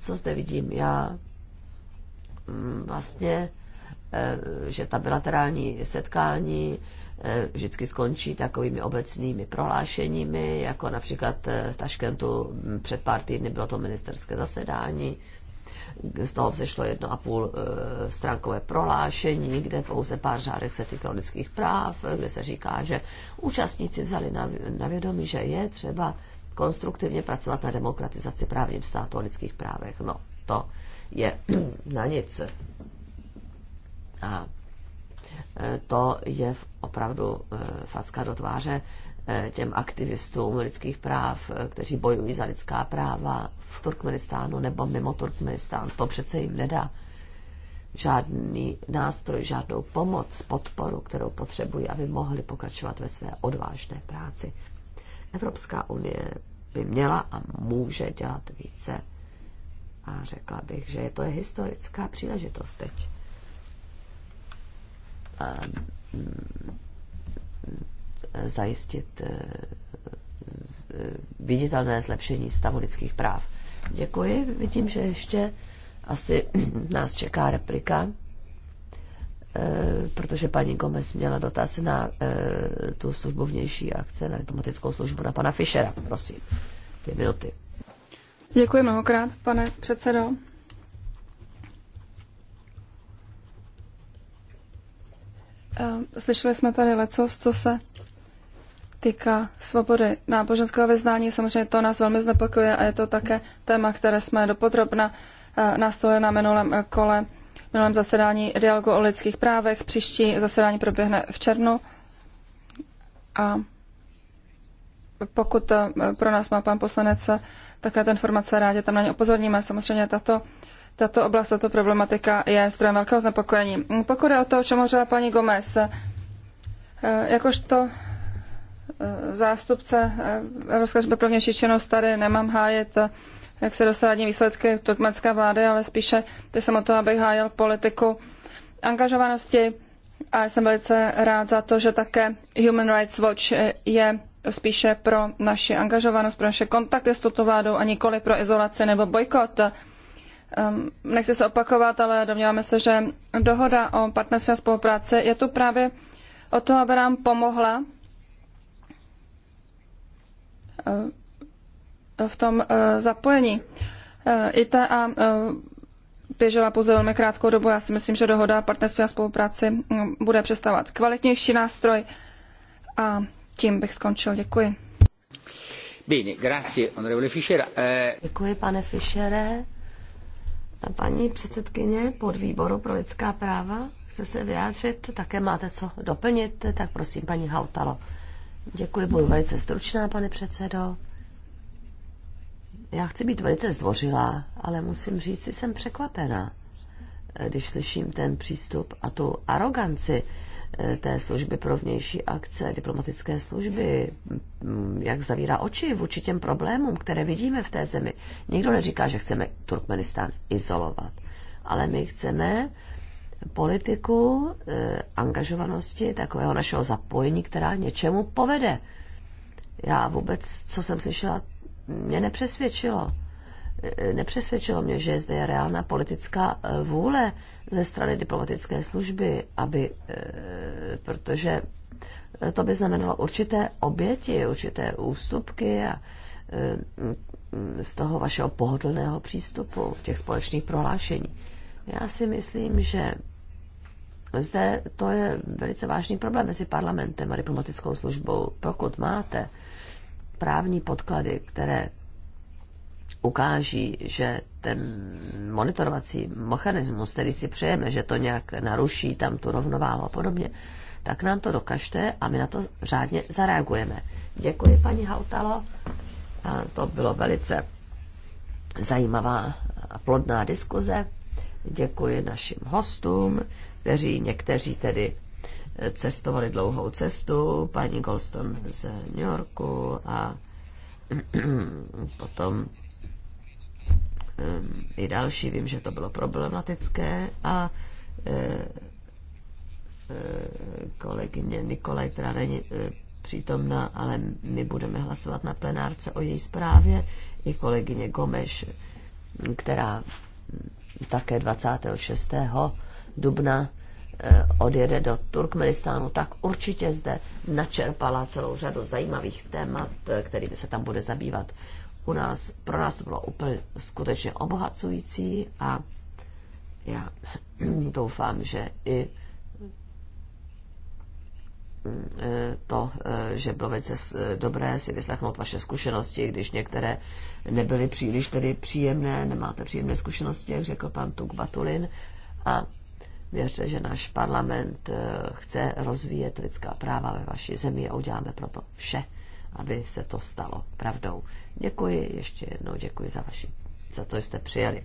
co zde vidím já? Mm, vlastně, eh, že ta bilaterální setkání eh, vždycky skončí takovými obecnými prohlášeními, jako například v Taškentu mm, před pár týdny bylo to ministerské zasedání, z toho vzešlo jedno a půl e, stránkové prohlášení, kde pouze pár řádek se týkalo lidských práv, kde se říká, že účastníci vzali na vědomí, že je třeba konstruktivně pracovat na demokratizaci právním státu a lidských právech. No, to je na nic. A e, to je opravdu e, facka do tváře Eh, těm aktivistům lidských práv, eh, kteří bojují za lidská práva v Turkmenistánu nebo mimo Turkmenistán. To přece jim nedá žádný nástroj, žádnou pomoc, podporu, kterou potřebují, aby mohli pokračovat ve své odvážné práci. Evropská unie by měla a může dělat více. A řekla bych, že to je historická příležitost teď. Ehm, zajistit eh, eh, viditelné zlepšení stavu lidských práv. Děkuji. Vidím, že ještě asi nás čeká replika, eh, protože paní Gomez měla dotaz na tu službu vnější akce, na diplomatickou službu na pana Fischera. Prosím, dvě minuty. Děkuji mnohokrát, pane předsedo. Slyšeli jsme tady lecos, co se týká svobody náboženského vyznání, samozřejmě to nás velmi znepokojuje a je to také téma, které jsme dopodrobna eh, nastolili na minulém eh, kole, minulém zasedání dialogu o lidských právech. Příští zasedání proběhne v černu. a pokud eh, pro nás má pan poslanec také ta informace rádi, tam na ně upozorníme. Samozřejmě tato, tato oblast, tato problematika je strojem velkého znepokojení. Pokud je o to, o čem hovořila paní Gomez, jakožto Eh, zástupce eh, Evropské služby pro vnější činnost tady nemám hájet, eh, jak se dosávají výsledky turkmenské vlády, ale spíše ty jsem o to, abych hájil politiku angažovanosti a jsem velice rád za to, že také Human Rights Watch je spíše pro naši angažovanost, pro naše kontakty s tuto vládou a nikoli pro izolaci nebo bojkot. Um, nechci se opakovat, ale domníváme se, že dohoda o partnerství a spolupráci je tu právě o to, aby nám pomohla v tom eh, zapojení. Eh, ITA eh, běžela pouze velmi krátkou dobu. Já si myslím, že dohoda o partnerství a spolupráci hm, bude představovat kvalitnější nástroj a tím bych skončil. Děkuji. Bene, grazie, onorevole Fischera. Děkuji, pane Fischere. A paní předsedkyně podvýboru pro lidská práva chce se vyjádřit, také máte co doplnit, tak prosím, paní Hautalo. Děkuji, budu velice stručná, pane předsedo. Já chci být velice zdvořilá, ale musím říct, že jsem překvapená, když slyším ten přístup a tu aroganci eh, té služby pro vnější akce, diplomatické služby, mm, jak zavírá oči vůči těm problémům, které vidíme v té zemi. Nikdo neříká, že chceme Turkmenistán izolovat, ale my chceme politiku eh, angažovanosti, takového našeho zapojení, která něčemu povede. Já vůbec, co jsem slyšela, mě nepřesvědčilo. Eh, nepřesvědčilo mě, že zde je reálná politická eh, vůle ze strany diplomatické služby, aby, protože to by znamenalo určité oběti, určité ústupky a z toho vašeho pohodlného přístupu, těch společných prohlášení. Já si myslím, že zde to je velice vážný problém mezi parlamentem a diplomatickou službou. Pokud máte právní podklady, které ukáží, že ten monitorovací mechanismus, který si přejeme, že to nějak naruší tam tu rovnováhu a podobně, tak nám to dokažte a my na to řádně zareagujeme. Děkuji, paní Hautalo. A to bylo velice zajímavá a plodná diskuze. Děkuji našim hostům, kteří někteří tedy eh, cestovali dlouhou cestu, paní Golston z New Yorku a potom eh, i další, vím, že to bylo problematické a eh, kolegyně Nikolaj, která není přítomna, ale my budeme hlasovat na plenárce o její zprávě, i kolegyně Gomeš, která také 26. dubna eh, odjede do Turkmenistánu, tak určitě zde načerpala celou řadu zajímavých témat, eh, kterými se tam bude zabývat. U nás, pro nás to bylo úplně skutečně obohacující a já doufám, že i Eh, to, eh, že bylo velice dobré si vyslechnout vaše zkušenosti, když některé nebyly příliš tedy příjemné, nemáte příjemné zkušenosti, jak řekl pan Tuk Batulin. A věřte, že náš parlament eh, chce rozvíjet lidská práva ve vaší zemi a uděláme proto vše, aby se to stalo pravdou. Děkuji ještě jednou, děkuji za, vaši, za to, že jste přijeli.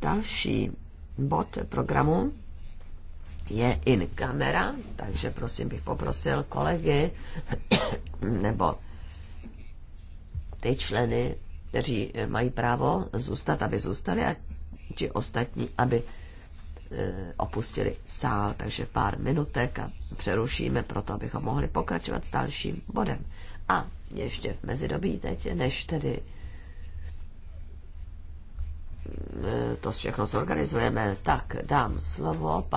Další bod programu je in kamera, takže prosím bych poprosil kolegy nebo ty členy, kteří eh, mají právo zůstat, aby zůstali a ti ostatní, aby eh, opustili sál, takže pár minutek a přerušíme proto, abychom mohli pokračovat s dalším bodem. A ještě v mezidobí teď, než tedy eh, to všechno zorganizujeme, tak dám slovo panu